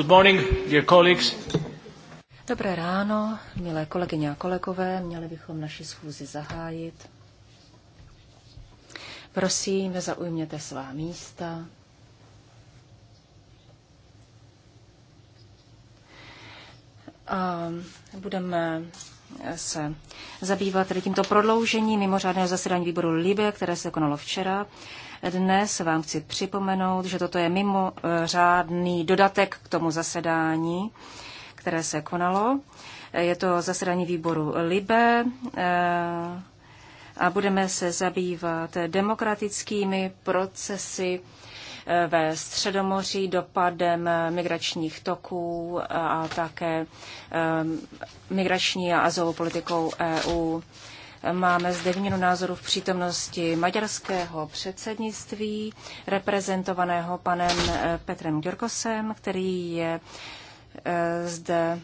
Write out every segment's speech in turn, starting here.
Good morning, dear colleagues. Dobré ráno, milé kolegyně a kolegové, měli bychom naši schůzi zahájit. Prosím, zaujměte svá místa. A budeme se zabývat tedy tímto prodloužením mimořádného zasedání výboru LIBE, které se konalo včera. Dnes vám chci připomenout, že toto je mimořádný dodatek k tomu zasedání, které se konalo. Je to zasedání výboru LIBE eh, a budeme se zabývat demokratickými procesy Eh, ve Středomoří dopadem migračních toků a také eh, migrační a azovou politikou EU. Máme zde výměnu názoru v přítomnosti maďarského předsednictví, reprezentovaného panem eh, Petrem Gjorkosem, který je zde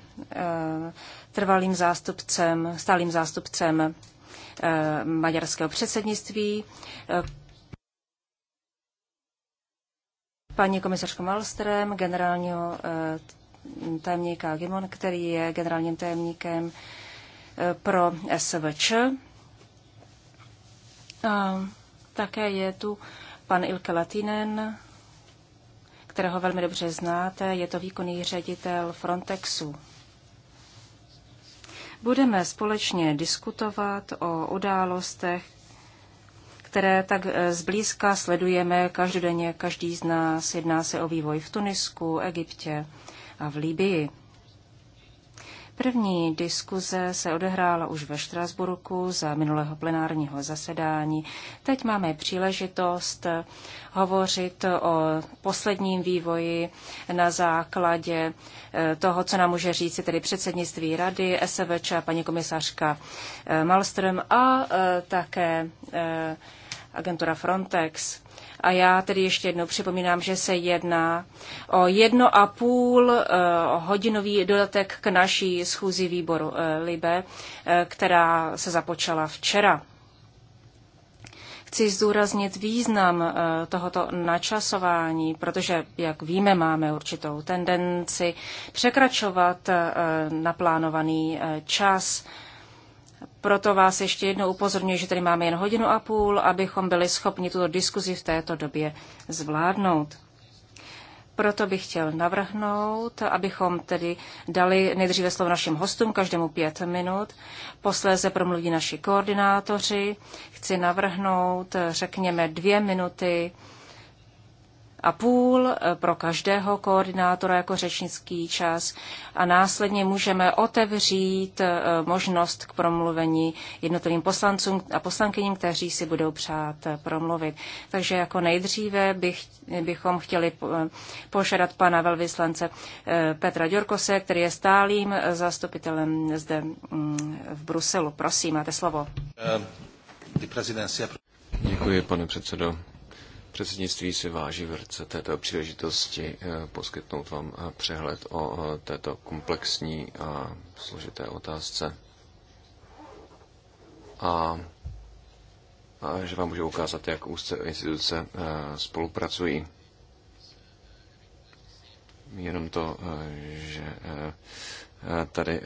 trvalým zástupcem, stálým zástupcem maďarského předsednictví. paní komisařko Malstrem, generálního eh, tajemníka Gimon, který je generálním tajemníkem eh, pro SVČ. A také je tu pan Ilke Latinen, kterého velmi dobře znáte, je to výkonný ředitel Frontexu. Budeme společně diskutovat o událostech, které tak eh, zblízka sledujeme každodenně, každý z nás. Jedná se o vývoj v Tunisku, Egyptě a v Líbii. První diskuze se odehrála už ve Štrasburku za minulého plenárního zasedání. Teď máme příležitost hovořit o posledním vývoji na základě eh, toho, co nám může říci tedy předsednictví rady, SVČ, paní komisařka eh, Malström a také agentura Frontex. A já tedy ještě jednou připomínám, že se jedná o jedno a půl eh, hodinový dodatek k naší schůzi výboru eh, Libe, eh, která se započala včera. Chci zdůraznit význam tohoto načasování, protože, jak víme, máme určitou tendenci překračovat naplánovaný čas proto vás ještě jednou upozorňuji, že tady máme jen hodinu a půl, abychom byli schopni tuto diskuzi v této době zvládnout. Proto bych chtěl navrhnout, abychom tedy dali nejdříve slovo našim hostům, každému pět minut. Posléze promluví naši koordinátoři. Chci navrhnout, řekněme, dvě minuty a půl eh, pro každého koordinátora jako řečnický čas a následně můžeme otevřít eh, možnost k promluvení jednotlivým poslancům a poslankyním, kteří si budou přát eh, promluvit. Takže jako nejdříve bych, bychom chtěli požádat pana velvyslance Petra Ďorkose, který je stálým zastupitelem zde mm, v Bruselu. Prosím, máte slovo. Děkuji, pane předsedo. Předsednictví si váží rce této příležitosti eh, poskytnout vám eh, přehled o eh, této komplexní a složité otázce. A, a že vám může ukázat, jak úzce instituce spolupracují. Jenom to, že tady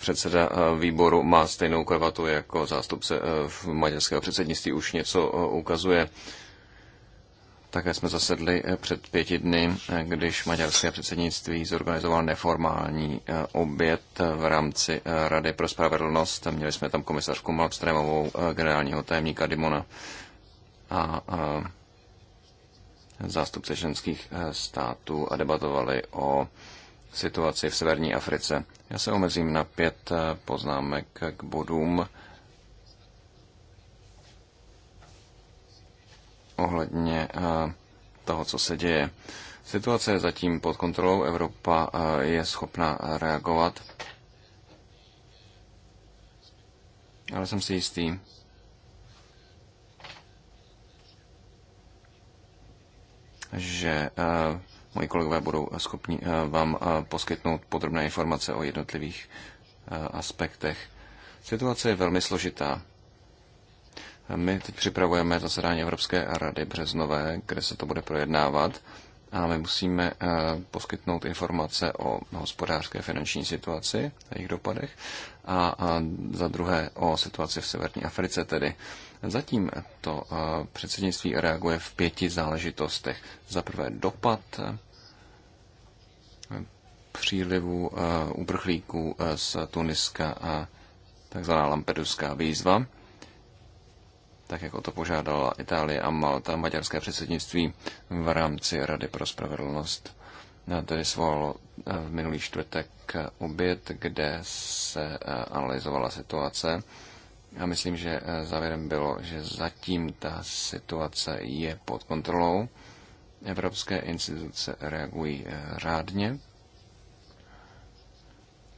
předseda výboru má stejnou kravatu jako zástupce v maďarského předsednictví, už něco ukazuje. Také jsme zasedli eh, před pěti dny, eh, když maďarské předsednictví zorganizoval neformální eh, oběd v rámci Rady pro spravedlnost. Měli jsme tam komisařku Malmströmovou, generálního tajemníka Dimona a zástupce ženských států a debatovali o situaci v severní Africe. Já se omezím na pět poznámek k bodům, ohledně eh, toho, co se děje. Situace je zatím pod kontrolou, Evropa eh, je schopna reagovat, ale jsem si jistý, že eh, moji kolegové budou schopni vám poskytnout podrobné informace o jednotlivých aspektech. Situace je velmi složitá. My teď připravujeme zasedání Evropské rady březnové, kde se to bude projednávat a my musíme eh, poskytnout informace o hospodářské finanční situaci, jejich dopadech a, a za druhé o situaci v Severní Africe tedy. Zatím to eh, předsednictví reaguje v pěti záležitostech. Za prvé dopad eh, přílivu uprchlíků z Tuniska a takzvaná lampeduská výzva tak jak o to požádala Itálie a Malta, maďarské předsednictví v rámci Rady pro spravedlnost. Tedy svolalo eh, v minulý čtvrtek oběd, kde se eh, analyzovala situace. A myslím, že eh, závěrem bylo, že zatím ta situace je pod kontrolou. Evropské instituce reagují řádně.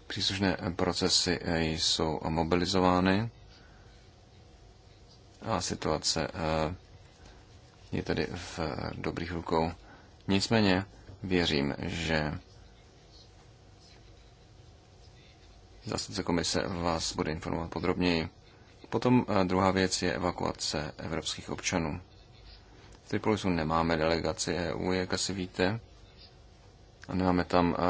Příslušné procesy jsou mobilizovány a situace eh, je tedy v eh, dobrých rukou. Nicméně věřím, že zastupce komise vás bude informovat podrobněji. Potom eh, druhá věc je evakuace evropských občanů. V Tripolisu nemáme delegaci EU, jak asi víte. A nemáme tam eh,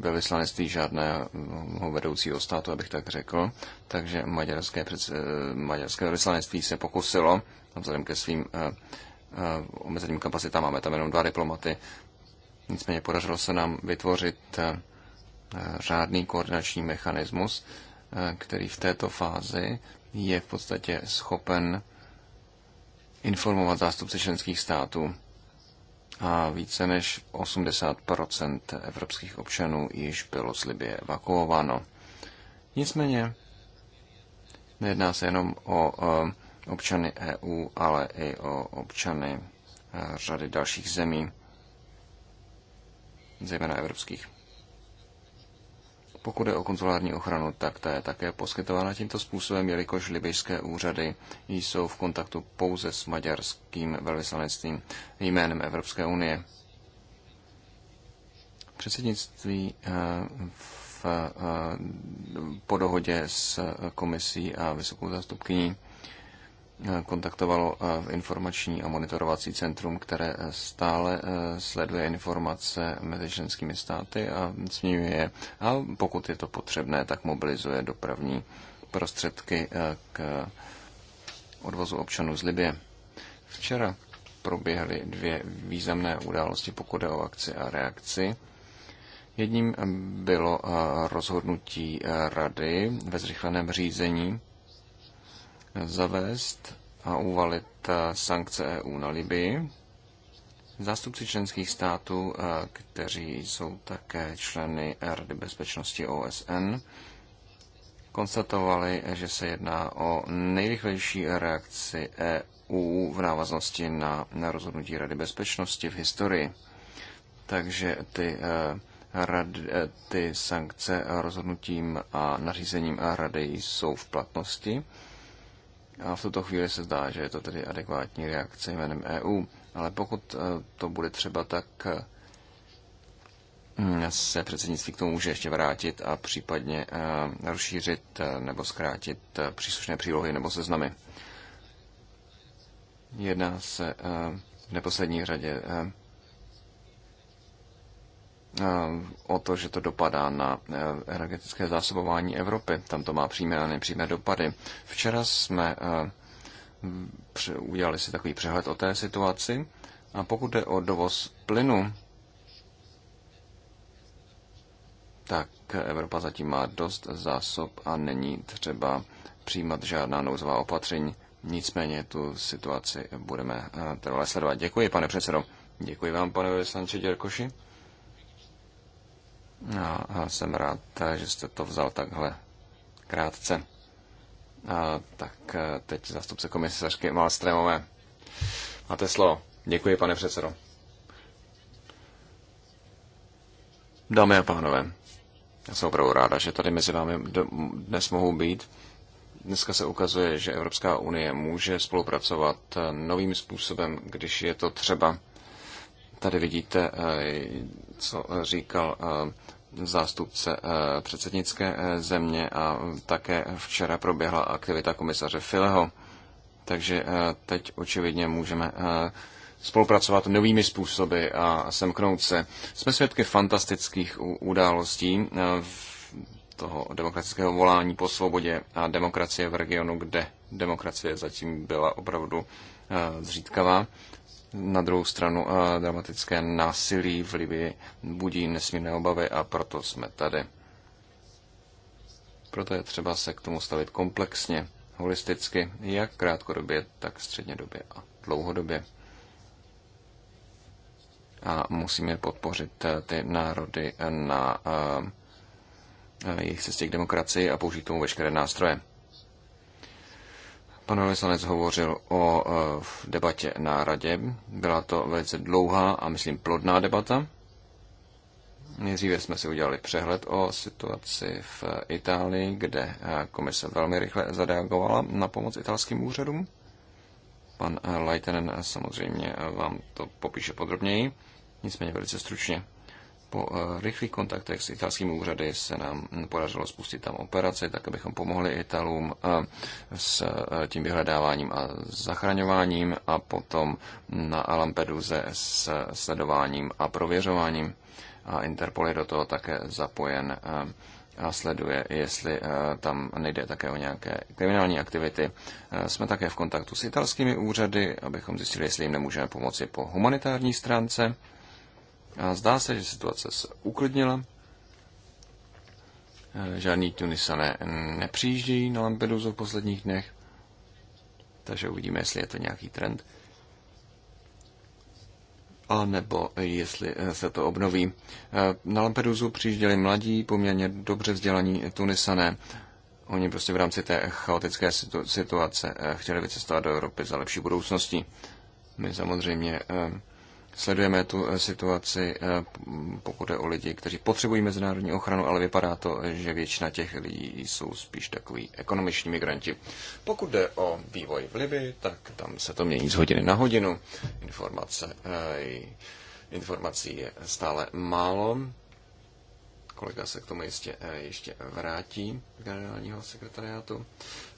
ve vyslanectví žádného vedoucího státu, abych tak řekl. Takže maďarské, eh, maďarské vyslanectví se pokusilo, vzhledem ke svým eh, omezeným kapacitám, máme tam jenom dva diplomaty, nicméně podařilo se nám vytvořit řádný koordinační mechanismus, který v této fázi je v podstatě schopen informovat zástupce členských států a více než 80 evropských občanů již bylo z Libie evakuováno. Nicméně nejedná se jenom o eh, občany EU, ale i o občany eh, řady dalších zemí, zejména evropských. Pokud je o konzulární ochranu, tak ta je také poskytována tímto způsobem, jelikož libyšské úřady jsou v kontaktu pouze s maďarským velvyslanectvím jménem Evropské unie. Předsednictví eh, v, eh, po dohodě s komisí a vysokou zástupkyní kontaktovalo eh, informační a monitorovací centrum, které eh, stále eh, sleduje informace mezi členskými státy a směňuje A pokud je to potřebné, tak mobilizuje dopravní prostředky k odvozu občanů z Libie. Včera proběhly dvě významné události, pokud je o akci a reakci. Jedním bylo rozhodnutí rady ve zrychleném řízení zavést a uvalit eh, sankce EU na Libii. Zástupci členských států, eh, kteří jsou také členy Rady bezpečnosti OSN, konstatovali, že se jedná o nejrychlejší reakci EU v návaznosti na, na rozhodnutí Rady bezpečnosti v historii. Takže ty, eh, rad, ty sankce rozhodnutím a nařízením Rady jsou v platnosti a v tuto chvíli se zdá, že je to tedy adekvátní reakce jménem EU. Ale pokud e, to bude třeba, tak e, se předsednictví k tomu může ještě vrátit a případně e, rozšířit nebo zkrátit příslušné přílohy nebo seznamy. Jedná se v neposlední řadě Eh, o to, že to dopadá na eh, energetické zásobování Evropy. Tam to má přímé a nepřímé dopady. Včera jsme eh, udělali si takový přehled o té situaci a pokud jde o dovoz plynu, tak Evropa zatím má dost zásob a není třeba přijímat žádná nouzová opatření. Nicméně tu situaci budeme trvale sledovat. Děkuji, pane předsedo. Děkuji vám, pane Sanče Děrkoši. No a jsem rád, že jste to vzal takhle krátce. A tak e, teď zastupce komisařky Malstremové. Máte slovo. Děkuji, pane předsedo. Dámy a pánové, já jsem opravdu ráda, že tady mezi vámi dnes mohu být. Dneska se ukazuje, že Evropská unie může spolupracovat novým způsobem, když je to třeba. Tady vidíte, eh, co říkal eh, zástupce eh, předsednické země a také včera proběhla aktivita komisaře Fileho. Takže teď očividně můžeme spolupracovat novými způsoby a semknout se. Jsme svědky fantastických událostí toho demokratického volání po svobodě a demokracie v regionu, kde demokracie zatím byla opravdu zřídkavá. Na druhou stranu eh, dramatické násilí v Libii budí nesmírné obavy a proto jsme tady. Proto je třeba se k tomu stavit komplexně, holisticky, jak krátkodobě, tak střednědobě a dlouhodobě. A musíme podpořit eh, ty národy eh, na jejich cestě k demokracii a použít tomu veškeré nástroje. Pan Vesanec hovořil o e, debatě na radě. Byla to velice dlouhá a myslím plodná debata. Nejdříve jsme si udělali přehled o situaci v Itálii, kde e, komise velmi rychle zareagovala na pomoc italským úřadům. Pan e, Leitenen samozřejmě vám to popíše podrobněji, nicméně velice stručně. Po eh, rychlých kontaktech s italskými úřady se nám podařilo spustit tam operaci, tak abychom pomohli Italům eh, s eh, tím vyhledáváním a zachraňováním a potom na Alampeduze s sledováním a prověřováním. A Interpol je do toho také zapojen a sleduje, jestli tam nejde také o nějaké kriminální aktivity. Jsme také v kontaktu s italskými úřady, abychom zjistili, jestli jim nemůžeme pomoci po humanitární stránce a zdá se, že situace se uklidnila. Eh, Žádní Tunisané nepřijíždějí na Lampedusu v posledních dnech, takže uvidíme, jestli je to nějaký trend. A nebo jestli eh, se to obnoví. Eh, na Lampedusu přijížděli mladí, poměrně dobře vzdělaní Tunisané. Oni prostě v rámci té chaotické situace chtěli vycestovat do Evropy za lepší budoucností. My samozřejmě Sledujeme tu eh, situaci, eh, pokud je o lidi, kteří potřebují mezinárodní ochranu, ale vypadá to, že většina těch lidí jsou spíš takový ekonomiční migranti. Pokud jde o vývoj v Libii, tak tam se to mění z hodiny na hodinu. Informace, eh, informací je stále málo kolega se k tomu jistě eh, ještě vrátí generálního sekretariátu.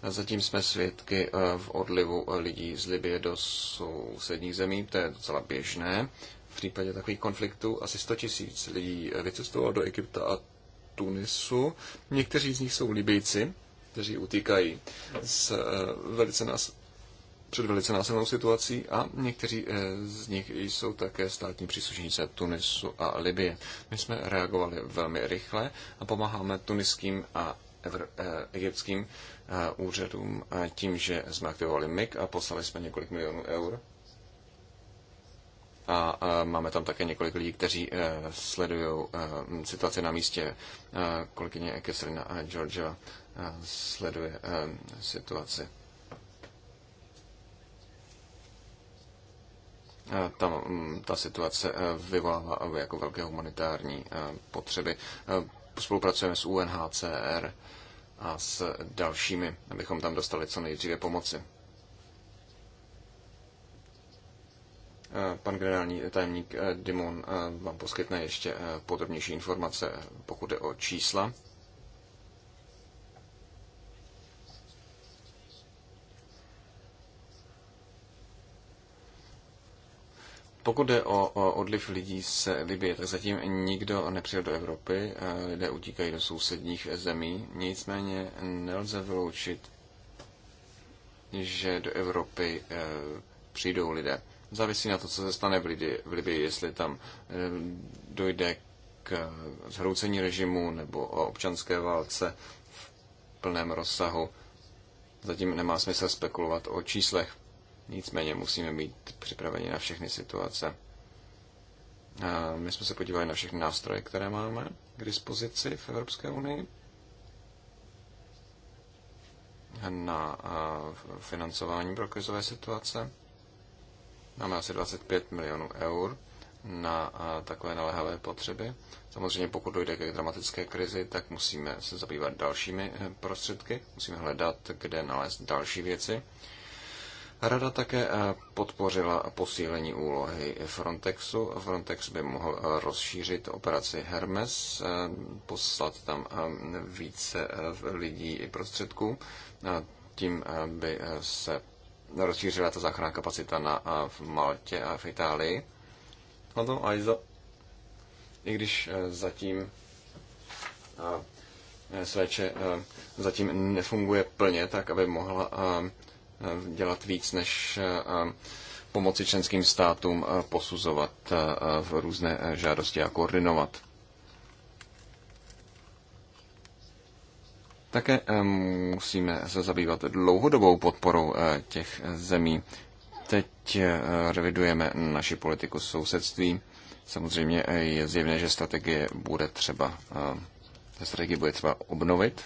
Zatím jsme svědky eh, v odlivu eh, lidí z Libie do sousedních zemí, to je docela běžné. V případě takových konfliktů asi 100 tisíc lidí vycestovalo do Egypta a Tunisu. Někteří z nich jsou Libijci, kteří utíkají z velice nás před velice násilnou situací a někteří eh, z nich jsou také státní příslušníci Tunisu a Libie. My jsme reagovali velmi rychle a pomáháme tuniským a eh, egyptským eh, úřadům tím, že jsme aktivovali MIG a poslali jsme několik milionů eur. A máme tam také několik lidí, kteří sledují situaci na místě. Kolegyně Kesselina a Georgia sleduje situaci. tam mm, ta situace eh, vyvolává jako velké humanitární eh, potřeby. Eh, spolupracujeme s UNHCR a s dalšími, abychom tam dostali co nejdříve pomoci. Pan generální tajemník Dimon vám poskytne ještě podrobnější informace, pokud je o čísla. Pokud jde o, o odliv lidí z Libie, tak zatím nikdo nepřijel do Evropy, lidé utíkají do sousedních zemí, nicméně nelze vyloučit, že do Evropy eh, přijdou lidé. Závisí na to, co se stane v, lidi, v Libii, jestli tam eh, dojde k zhroucení režimu nebo o občanské válce v plném rozsahu. Zatím nemá smysl spekulovat o číslech. Nicméně musíme být připraveni na všechny situace. A my jsme se podívali na všechny nástroje, které máme k dispozici v Evropské unii na financování pro krizové situace. Máme asi 25 milionů eur na takové naléhavé potřeby. Samozřejmě pokud dojde k dramatické krizi, tak musíme se zabývat dalšími eh, prostředky, musíme hledat, kde nalézt další věci. Rada také eh, podpořila posílení úlohy Frontexu. Frontex by mohl eh, rozšířit operaci Hermes, eh, poslat tam více lidí i prostředků. Tím by se rozšířila ta záchranná kapacita na, v Maltě a v Itálii. Na tom ISO, i když zatím SVČ zatím nefunguje plně tak, aby mohla dělat víc, než eh, pomoci členským státům eh, posuzovat eh, v různé žádosti a koordinovat. Také musíme se zabývat dlouhodobou podporou těch zemí. Teď revidujeme naši politiku sousedství. Samozřejmě je zjevné, že strategie bude třeba, strategie bude třeba obnovit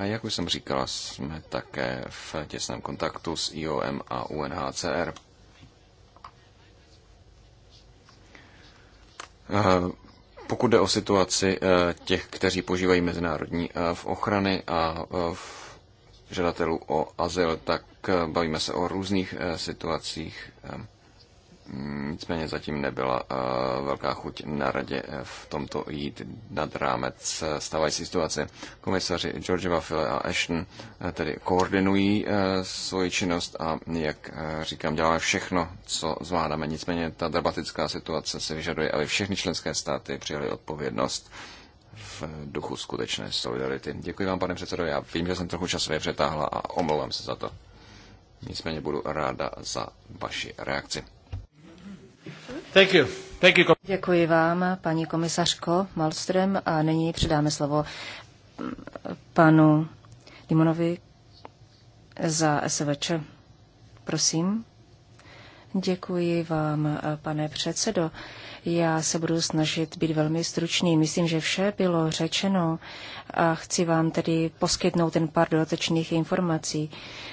A jak už jsem říkala, jsme také v těsném kontaktu s IOM a UNHCR. Eh, pokud jde o situaci eh, těch, kteří požívají mezinárodní eh, v ochrany a v žadatelů o azyl, tak bavíme se o různých situacích. Nicméně zatím nebyla eh, velká chuť na radě eh, v tomto jít nad rámec eh, stávající situace. Komisaři Georgeva File a Ashton tedy koordinují svoji činnost a, jak říkám, děláme všechno, co zvládáme. Nicméně ta dramatická situace se vyžaduje, aby všechny členské státy přijali odpovědnost v duchu skutečné solidarity. Děkuji vám, pane předsedo. Já vím, že jsem trochu časově přetáhla a omlouvám se za to. Nicméně budu ráda za vaši reakci. Thank you. Thank you. Děkuji vám, paní komisařko Malström, a nyní předáme slovo mm, panu Dimonovi za SVČ. Prosím. Děkuji vám, pane předsedo. Já se budu snažit být velmi stručný. Myslím, že vše bylo řečeno a chci vám tedy poskytnout ten pár dodatečných informací.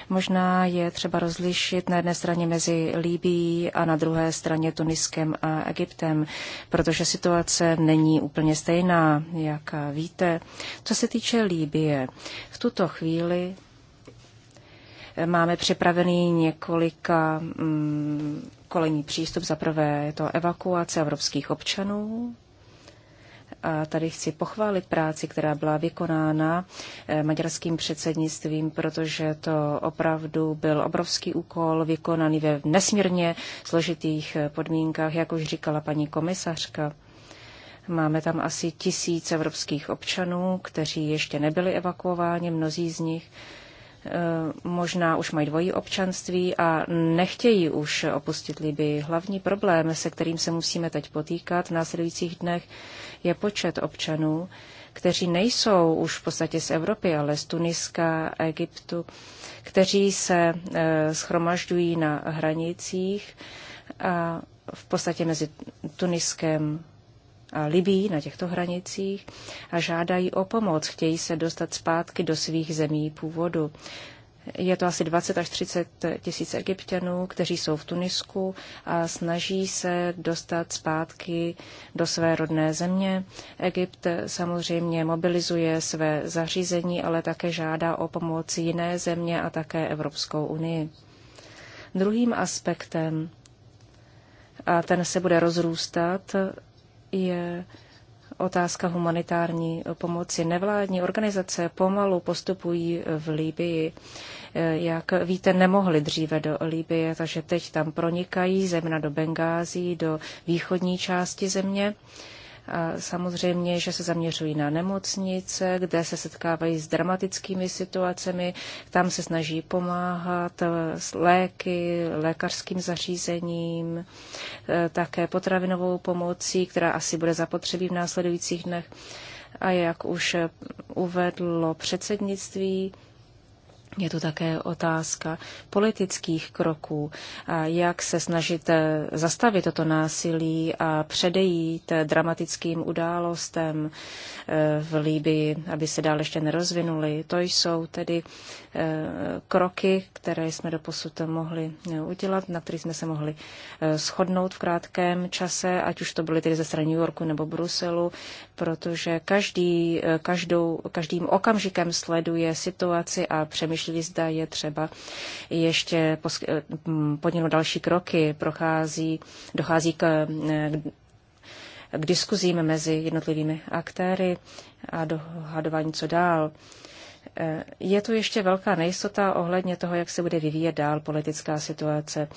Možná je třeba rozlišit na jedné straně mezi Líbí a na druhé straně Tuniskem a Egyptem, protože situace není úplně stejná, jak víte. Co se týče Líbie, v tuto chvíli eh, máme připravený několika mm, kolení přístup. Za prvé je to evakuace evropských občanů. A tady chci pochválit práci, která byla vykonána eh, maďarským předsednictvím, protože to opravdu byl obrovský úkol vykonaný ve nesmírně složitých eh, podmínkách, jak už říkala paní komisařka. Máme tam asi tisíc evropských občanů, kteří ještě nebyli evakuováni, mnozí z nich Eh, možná už mají dvojí občanství a nechtějí už opustit Liby. Hlavní problém, se kterým se musíme teď potýkat v následujících dnech, je počet občanů, kteří nejsou už v podstatě z Evropy, ale z Tuniska, Egyptu, kteří se eh, schromažďují na hranicích a v podstatě mezi Tuniskem, a na těchto hranicích a žádají o pomoc, chtějí se dostat zpátky do svých zemí původu. Je to asi 20 až 30 tisíc egyptianů, kteří jsou v Tunisku a snaží se dostat zpátky do své rodné země. Egypt samozřejmě mobilizuje své zařízení, ale také žádá o pomoc jiné země a také Evropskou unii. Druhým aspektem, a ten se bude rozrůstat je otázka humanitární pomoci. Nevládní organizace pomalu postupují v Líbii. Jak víte, nemohli dříve do Líbie, takže teď tam pronikají, zejména do Bengází, do východní části země samozřejmě, že se zaměřují na nemocnice, kde se setkávají s dramatickými situacemi, tam se snaží pomáhat s léky, lékařským zařízením, e, také potravinovou pomocí, která asi bude zapotřebí v následujících dnech. A jak už uvedlo předsednictví, je to také otázka politických kroků, jak se snažit eh, zastavit toto násilí a předejít dramatickým událostem eh, v Líbii, aby se dál ještě nerozvinuly. To jsou tedy eh, kroky, které jsme doposud mohli udělat, na kterých jsme se mohli shodnout v krátkém čase, ať už to byly tedy ze strany New Yorku nebo Bruselu, protože každý, každou, každým okamžikem sleduje situaci a přemýšlí zvážili, zda je třeba ještě eh, podniknout další kroky. Prochází, dochází k, eh, k diskuzím mezi jednotlivými aktéry a dohadování, co dál. Eh, je tu ještě velká nejistota ohledně toho, jak se bude vyvíjet dál politická situace,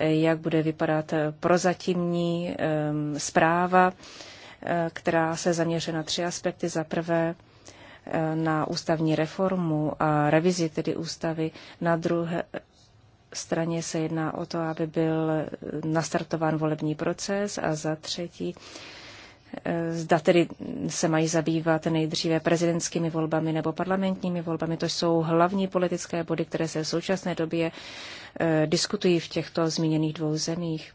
jak bude vypadat prozatímní zpráva, která se zaměřuje na tři aspekty. Za prvé, Eh, na ústavní reformu a revizi tedy ústavy. Na druhé straně se jedná o to, aby byl nastartován volební proces a za třetí, eh, zda tedy se mají zabývat nejdříve prezidentskými volbami nebo parlamentními volbami. To jsou hlavní politické body, které se v současné době eh, diskutují v těchto zmíněných dvou zemích.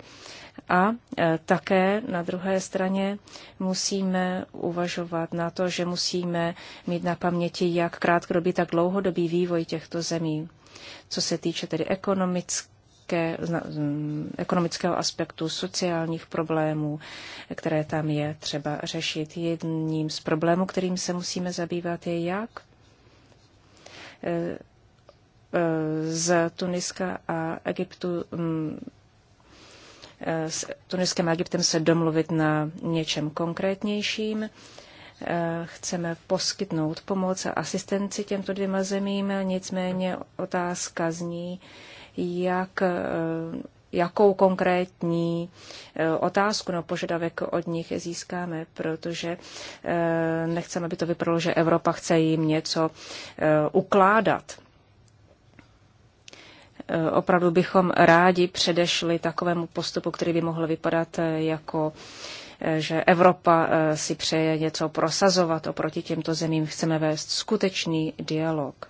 A e, také na druhé straně musíme uvažovat na to, že musíme mít na paměti jak krátkodobý, tak dlouhodobý vývoj těchto zemí. Co se týče tedy ekonomické, mm, ekonomického aspektu, sociálních problémů, které tam je třeba řešit. Jedním z problémů, kterým se musíme zabývat, je jak e, e, z Tuniska a Egyptu mm, Eh, s Tuniskem a Egyptem se domluvit na něčem konkrétnějším. Eh, chceme poskytnout pomoc a asistenci těmto dvěma zemím, nicméně otázka zní, jak, eh, jakou konkrétní otázku nebo požadavek od nich získáme, protože nechceme, aby to vypadalo, že Evropa chce jim něco ukládat Eh, opravdu bychom rádi předešli takovému postupu, který by mohl vypadat eh, jako eh, že Evropa si přeje něco prosazovat oproti těmto zemím. Chceme vést skutečný dialog.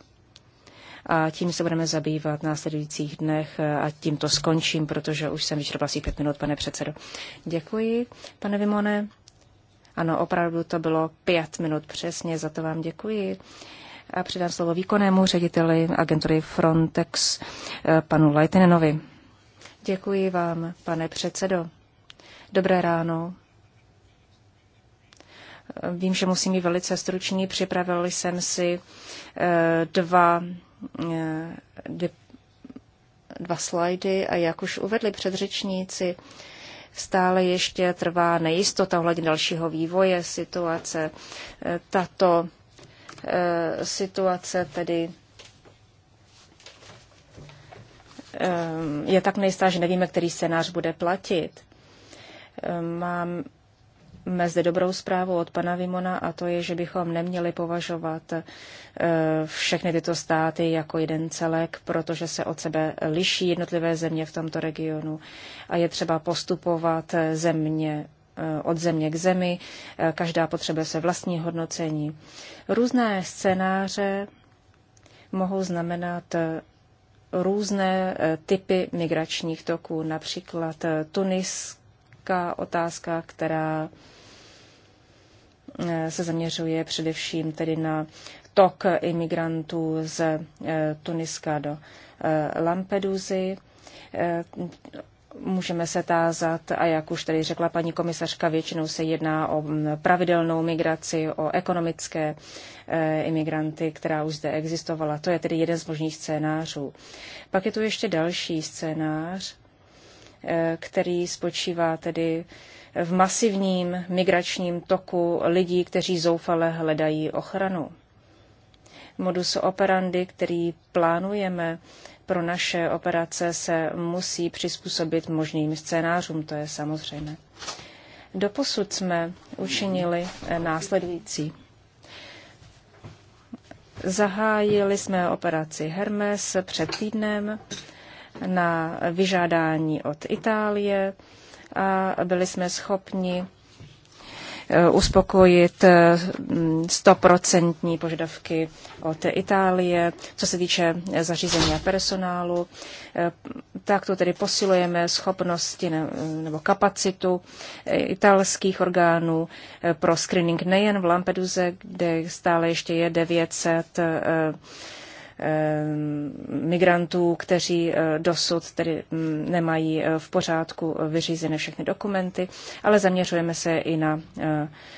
A tím se budeme zabývat v následujících dnech a tím to skončím, protože už jsem vyčerpal asi pět minut, pane předsedo. Děkuji, pane Vimone. Ano, opravdu to bylo pět minut přesně, za to vám děkuji a předám slovo výkonnému řediteli agentury Frontex, eh, panu Leitinenovi. Děkuji vám, pane předsedo. Dobré ráno. Eh, vím, že musím být velice stručný. Připravil jsem si eh, dva, dva slajdy a jak už uvedli předřečníci, stále ještě trvá nejistota ohledně dalšího vývoje situace. Tato Eh, situace tedy eh, je tak nejistá, že nevíme, který scénář bude platit. Eh, Mám, mezi dobrou zprávu od pana Vimona a to je, že bychom neměli považovat všechny tyto státy jako jeden celek, protože se od sebe liší jednotlivé země v tomto regionu a je třeba postupovat země Eh, od země k zemi, eh, každá potřebuje se vlastní hodnocení. Různé scénáře mohou znamenat eh, různé typy migračních toků, například tuniská otázka, která se zaměřuje především tedy na tok imigrantů z Tuniska do Lampedusy. Můžeme se tázat, a jak už tady řekla paní komisařka, většinou se jedná o pravidelnou migraci, o ekonomické e, imigranty, která už zde existovala. To je tedy jeden z možných scénářů. Pak je tu ještě další scénář, e, který spočívá tedy v masivním migračním toku lidí, kteří zoufale hledají ochranu. Modus operandi, který plánujeme, pro naše operace se musí přizpůsobit možným scénářům, to je samozřejmé. Doposud jsme učinili eh, následující. Zahájili jsme operaci Hermes před týdnem na vyžádání od Itálie a byli jsme schopni Eh, uspokojit eh, stoprocentní požadavky od Itálie. Co se týče eh, zařízení a personálu, tak to tedy posilujeme schopnosti nebo kapacitu italských orgánů pro screening nejen v Lampeduze, kde stále ještě je 900 Eh, migrantů, kteří eh, dosud tedy mm, nemají eh, v pořádku vyřízené všechny dokumenty, ale zaměřujeme se i na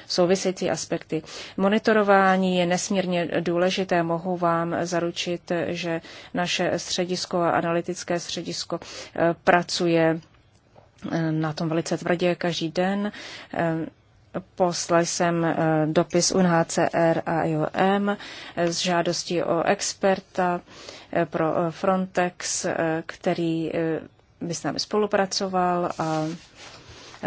související aspekty. Monitorování je nesmírně důležité. Mohu vám zaručit, že naše středisko a analytické středisko pracuje na tom velice tvrdě každý den. Poslal jsem eh, dopis UNHCR a IOM eh, s žádostí o experta eh, pro Frontex, který by s námi spolupracoval a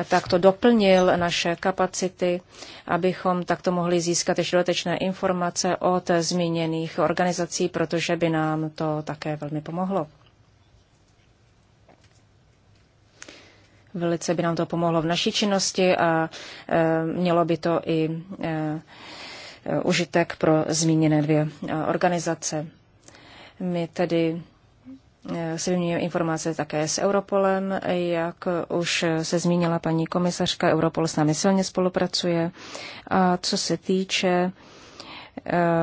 takto doplnil naše kapacity, abychom takto mohli získat ještě dodatečné informace od zmíněných organizací, protože by nám to také velmi pomohlo. Velice by nám to pomohlo v naší činnosti a e, mělo by to i e, užitek pro zmíněné dvě e, organizace. My tedy se vyměňují informace také s Europolem. Jak už se zmínila paní komisařka, Europol s námi silně spolupracuje. A co se týče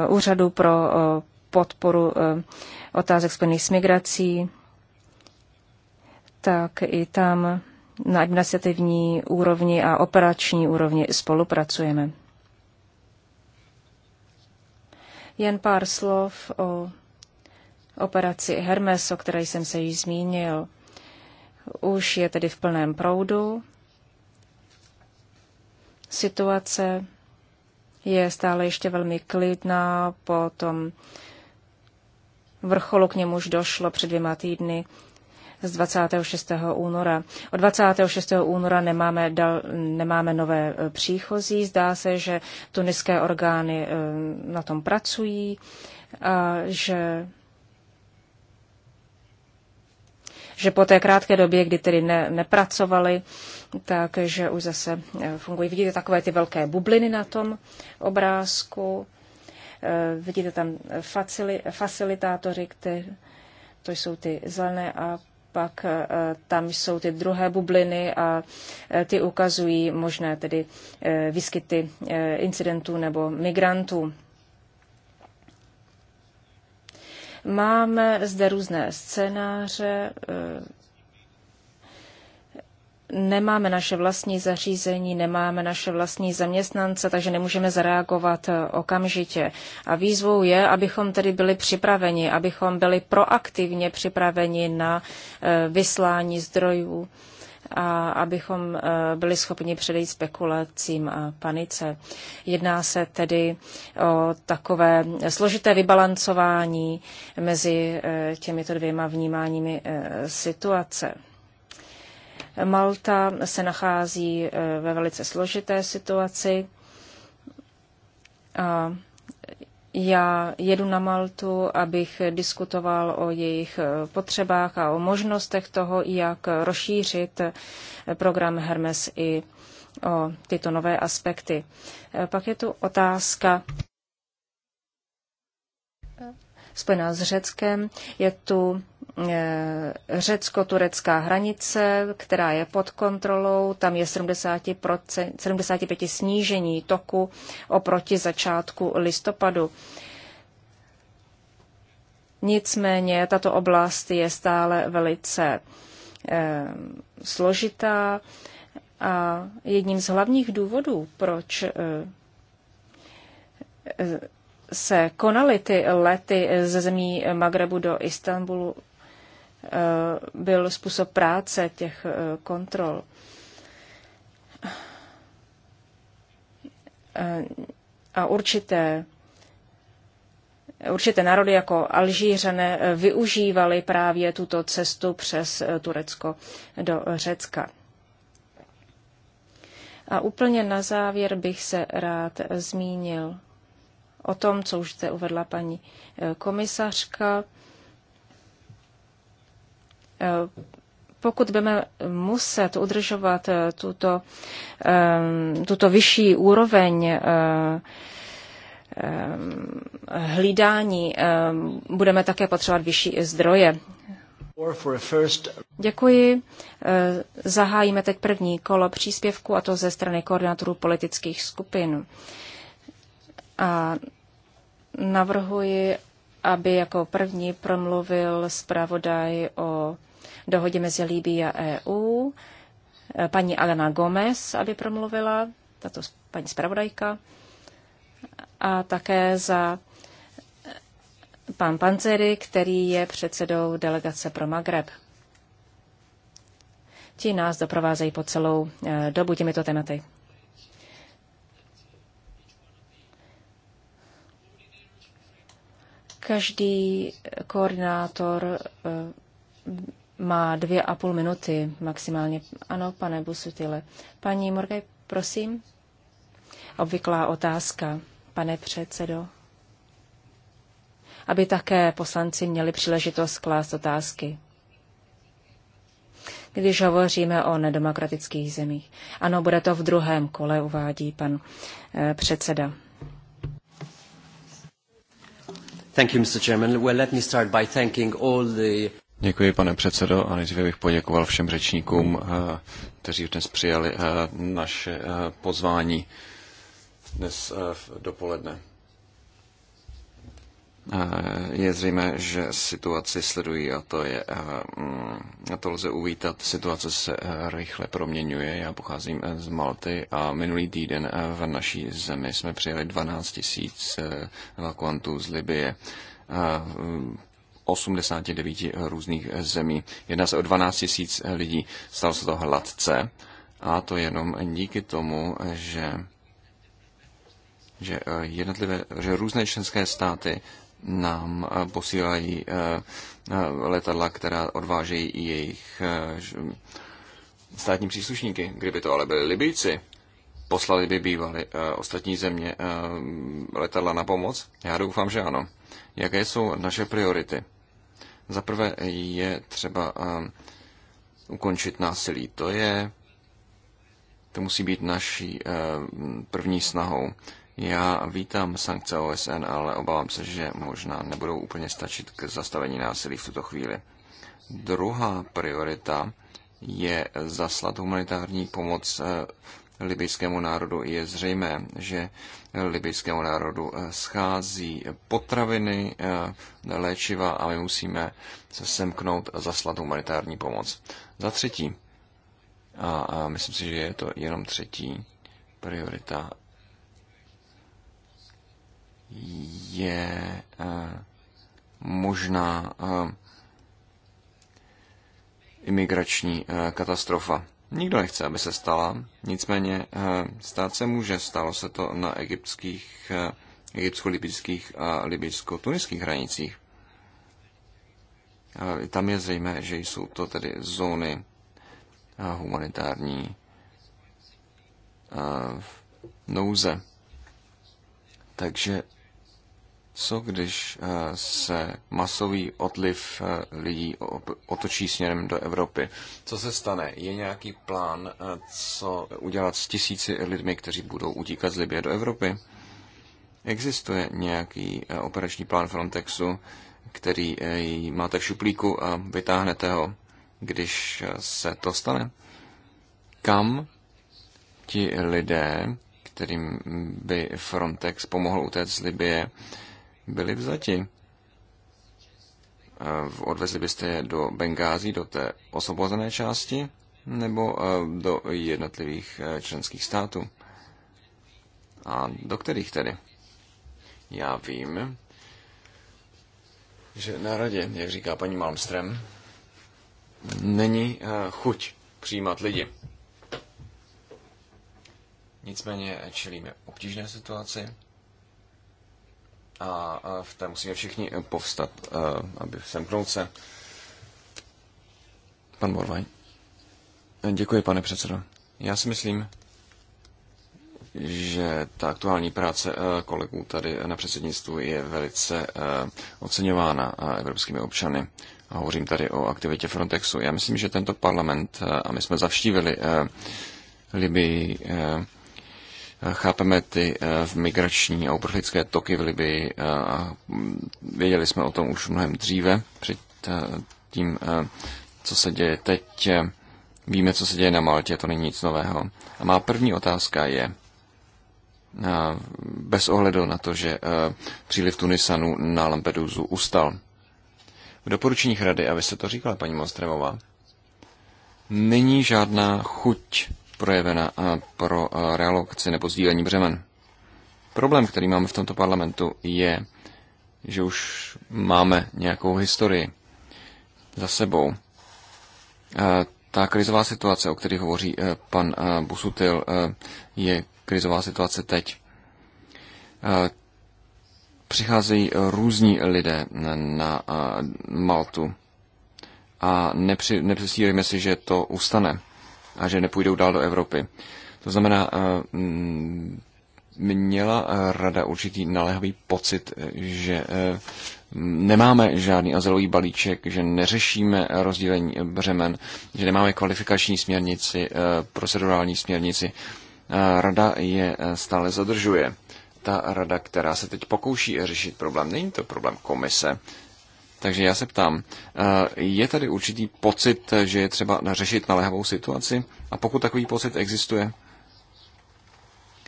Úřadu pro podporu otázek spojených s migrací, tak i tam na administrativní úrovni a operační úrovni spolupracujeme. Jen pár slov o operaci Hermes, o které jsem se již zmínil. Už je tedy v plném proudu. Situace je stále ještě velmi klidná po tom vrcholu, k němuž došlo před dvěma týdny z 26. února. Od 26. února nemáme, dal, nemáme nové e, příchozí. Zdá se, že tuniské orgány e, na tom pracují, a že že po té krátké době, kdy tedy ne, nepracovali, takže už zase e, fungují. Vidíte takové ty velké bubliny na tom obrázku. Vidíte tam facili, facilitátoři, to jsou ty zelené a pak eh, tam jsou ty druhé bubliny a eh, ty ukazují možné tedy eh, výskyty incidentů nebo migrantů. Máme zde různé scénáře, nemáme naše vlastní zařízení, nemáme naše vlastní zaměstnance, takže nemůžeme zareagovat eh, okamžitě. A výzvou je, abychom tedy byli připraveni, abychom byli proaktivně připraveni na eh, vyslání zdrojů a abychom eh, byli schopni předejít spekulacím a panice. Jedná se tedy o takové složité vybalancování mezi těmito dvěma vnímáními situace. Malta se nachází eh, ve velice složité situaci. A já jedu na Maltu, abych diskutoval o jejich eh, potřebách a o možnostech toho, jak rozšířit eh, program Hermes i o tyto nové aspekty. Pak je tu otázka spojená s Řeckem. Je tu Eh, řecko-turecká hranice, která je pod kontrolou, tam je 70%, 75 snížení toku oproti začátku listopadu. Nicméně tato oblast je stále velice eh, složitá a jedním z hlavních důvodů, proč eh, eh se konaly ty lety ze zemí Magrebu do Istanbulu, Eh, byl způsob práce těch eh, kontrol. Eh, a určité, určité národy jako Alžířané využívali právě tuto cestu přes Turecko do Řecka. A úplně na závěr bych se rád zmínil o tom, co už zde uvedla paní komisařka, Eh, pokud budeme muset udržovat eh, tuto, eh, tuto vyšší úroveň hlídání, budeme také potřebovat vyšší zdroje. Děkuji. Zahájíme teď první kolo příspěvku, a to ze strany koordinátorů politických skupin. A navrhuji, aby jako první promluvil zpravodaj o dohodě mezi Líbí a EU. Paní Alena Gomez, aby promluvila, tato paní zpravodajka, a také za pan Panzery, který je předsedou delegace pro Magreb. Ti nás doprovázejí po celou eh, dobu těmito tématy. Každý koordinátor eh, má dvě a půl minuty maximálně. Ano, pane Busutile. Paní Morgaj, prosím. Obvyklá otázka, pane předsedo. Aby také poslanci měli příležitost klást otázky. Když hovoříme o nedemokratických zemích. Ano, bude to v druhém kole, uvádí pan eh, předseda. Thank you, Mr. Chairman. Well, let me start by thanking all the Děkuji, pane předsedo, a nejdříve bych poděkoval všem řečníkům, eh, kteří dnes přijali eh, naše eh, pozvání dnes dopoledne. Je zřejmé, že situaci sledují a to je, mm, a to lze uvítat. Situace se rychle proměňuje. Já pocházím z Malty a minulý týden v naší zemi jsme přijeli 12 000 evakuantů z Libie 89 různých zemí. Jedná se o 12 tisíc lidí. Stalo se to hladce a to jenom díky tomu, že že eh, jednotlivé, že různé členské státy nám eh, posílají eh, letadla, která odvážejí i jejich státní příslušníky. Kdyby to ale byli Libíci, poslali by bývali ostatní země letadla na pomoc? Já doufám, že ano. Jaké jsou naše priority? Za prvé je třeba ukončit násilí. To je, to musí být naší první snahou. Já vítám sankce OSN, ale obávám se, že možná nebudou úplně stačit k zastavení násilí v tuto chvíli. Druhá priorita je zaslat humanitární pomoc libijskému národu. Je zřejmé, že libijskému národu eh, schází potraviny, eh, léčiva a my musíme se semknout a zaslat humanitární pomoc. Za třetí, a, a myslím si, že je to jenom třetí priorita, je eh, možná imigrační katastrofa. Nikdo nechce, aby se stala, nicméně eh, stát se může. Stalo se to na egyptských, eh, egyptsko libických a libyjsko-tuniských hranicích. Eh, tam je zřejmé, že jsou to tedy zóny humanitární nouze. Takže co když eh, se masový odliv eh, lidí otočí směrem do Evropy? Co se stane? Je nějaký plán, eh, co udělat s tisíci lidmi, kteří budou utíkat z Libie do Evropy? Existuje nějaký operační plán Frontexu, který máte v šuplíku a vytáhnete ho, když se to stane? Kam ti lidé, kterým by Frontex pomohl utéct z Libie, byli vzati. Eh, odvezli byste je do Bengází, do té osvobozené části, nebo eh, do jednotlivých eh, členských států? A do kterých tedy? Já vím, že na radě, jak říká paní Malmström, není chuť přijímat lidi. Nicméně čelíme obtížné situaci a, a v té musíme všichni povstat, aby semknout se. Pan Borvaj. Děkuji, pane předsedo. Já si myslím, že ta aktuální práce e, kolegů tady na předsednictvu je velice e, oceňována e, evropskými občany. A hovořím tady o aktivitě Frontexu. Já myslím, že tento parlament, a my jsme zavštívili Libii, chápeme ty eh, v migrační a uprchlické toky v Libii. Věděli jsme o tom už mnohem dříve, před eh, tím, eh, co se děje teď. Víme, co se děje na Maltě, to není nic nového. A má první otázka je, bez ohledu na to, že příliv Tunisanů na Lampedusu ustal. V doporučeních rady, a vy jste to říkala, paní Mostremová, není žádná chuť projevena eh, pro eh, realokaci nebo sdílení břemen. Problém, který máme v tomto parlamentu, je, že už máme nějakou historii za sebou. Eh, ta krizová situace, o které hovoří pan Busutil, je krizová situace teď. Přicházejí různí lidé na Maltu a nepři, si, že to ustane a že nepůjdou dál do Evropy. To znamená, eh, mm, měla eh, rada určitý naléhavý pocit, že eh, nemáme žádný azylový balíček, že neřešíme rozdělení břemen, že nemáme kvalifikační směrnici, procedurální směrnici. Rada je stále zadržuje. Ta rada, která se teď pokouší řešit problém, není to problém komise, takže já se ptám, eh, je tady určitý pocit, že je třeba řešit naléhavou situaci? A pokud takový pocit existuje,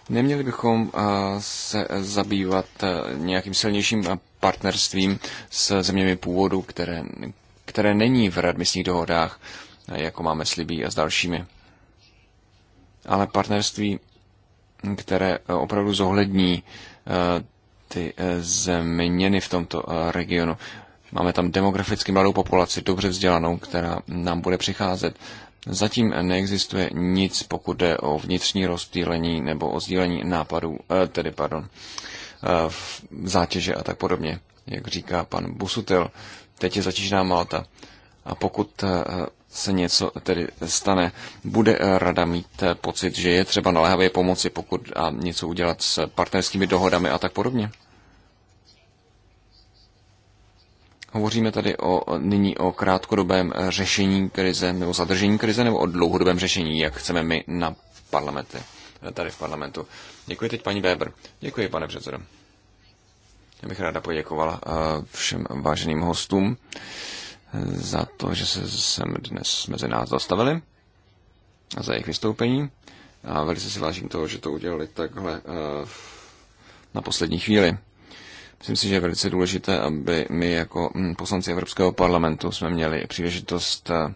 neměli bychom eh, se zabývat eh, nějakým silnějším partnerstvím s zeměmi původu, které, které není v radmisních dohodách, jako máme s Libí a s dalšími. Ale partnerství, které opravdu zohlední ty změny v tomto regionu. Máme tam demograficky mladou populaci, dobře vzdělanou, která nám bude přicházet. Zatím neexistuje nic, pokud jde o vnitřní rozptýlení nebo o sdílení nápadů, eh, tedy pardon, eh, v zátěže a tak podobně, jak říká pan Busutil. Teď je zatížená Malta. A pokud eh, se něco tedy stane, bude rada mít pocit, že je třeba naléhavě pomoci pokud a něco udělat s partnerskými dohodami a tak podobně? Hovoříme tady o, nyní o krátkodobém eh, řešení krize nebo zadržení krize nebo o dlouhodobém řešení, jak chceme my na parlamenty, eh, tady v parlamentu. Děkuji teď paní Weber. Děkuji, pane předsedo. Já bych ráda poděkovala eh, všem váženým hostům za to, že se sem dnes mezi nás dostavili a za jejich vystoupení. A velice si vážím toho, že to udělali takhle na poslední chvíli. Myslím si, že je velice důležité, aby my jako mm, poslanci Evropského parlamentu jsme měli příležitost eh,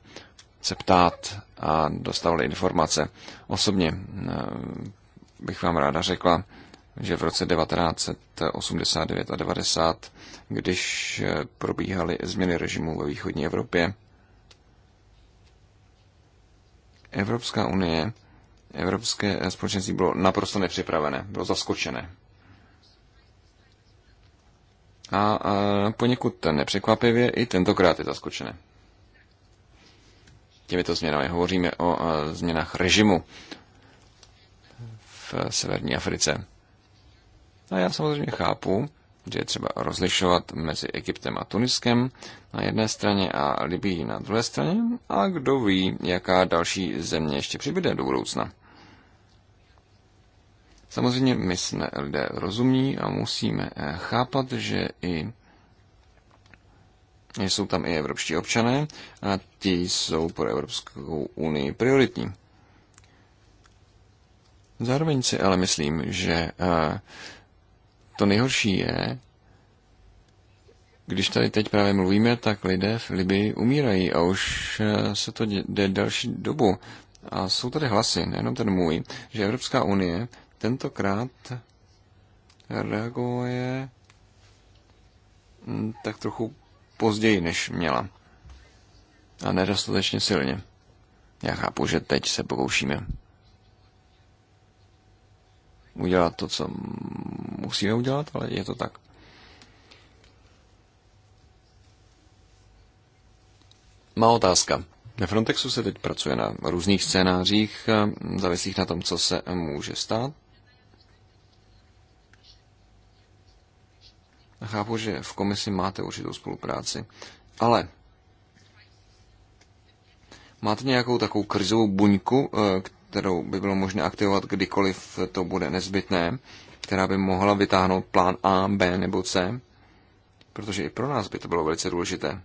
se ptát a dostávali informace. Osobně eh, bych vám ráda řekla, že v roce 1989 a 90, když eh, probíhaly změny režimu ve východní Evropě, Evropská unie, Evropské společenství bylo naprosto nepřipravené, bylo zaskočené. A, a poněkud nepřekvapivě i tentokrát je zaskočené. Těmito změnami hovoříme o změnách režimu v severní Africe. A já samozřejmě chápu, že je třeba rozlišovat mezi Egyptem a Tuniskem na jedné straně a Libií na druhé straně a kdo ví, jaká další země ještě přibude do budoucna. Samozřejmě my jsme lidé rozumí a musíme eh, chápat, že i že jsou tam i evropští občané a ti jsou pro Evropskou unii prioritní. Zároveň si ale myslím, že eh, to nejhorší je, když tady teď právě mluvíme, tak lidé v Libii umírají a už eh, se to jde další dobu. A jsou tady hlasy, nejenom ten můj, že Evropská unie tentokrát reaguje hm, tak trochu později, než měla. A nedostatečně silně. Já chápu, že teď se pokoušíme udělat to, co musíme udělat, ale je to tak. Má otázka. Ve Frontexu se teď pracuje na různých scénářích hm, závislých na tom, co se může stát. Chápu, že v komisi máte určitou spolupráci, ale máte nějakou takovou krizovou buňku, eh, kterou by bylo možné aktivovat kdykoliv to bude nezbytné, která by mohla vytáhnout plán A, B nebo C, protože i pro nás by to bylo velice důležité.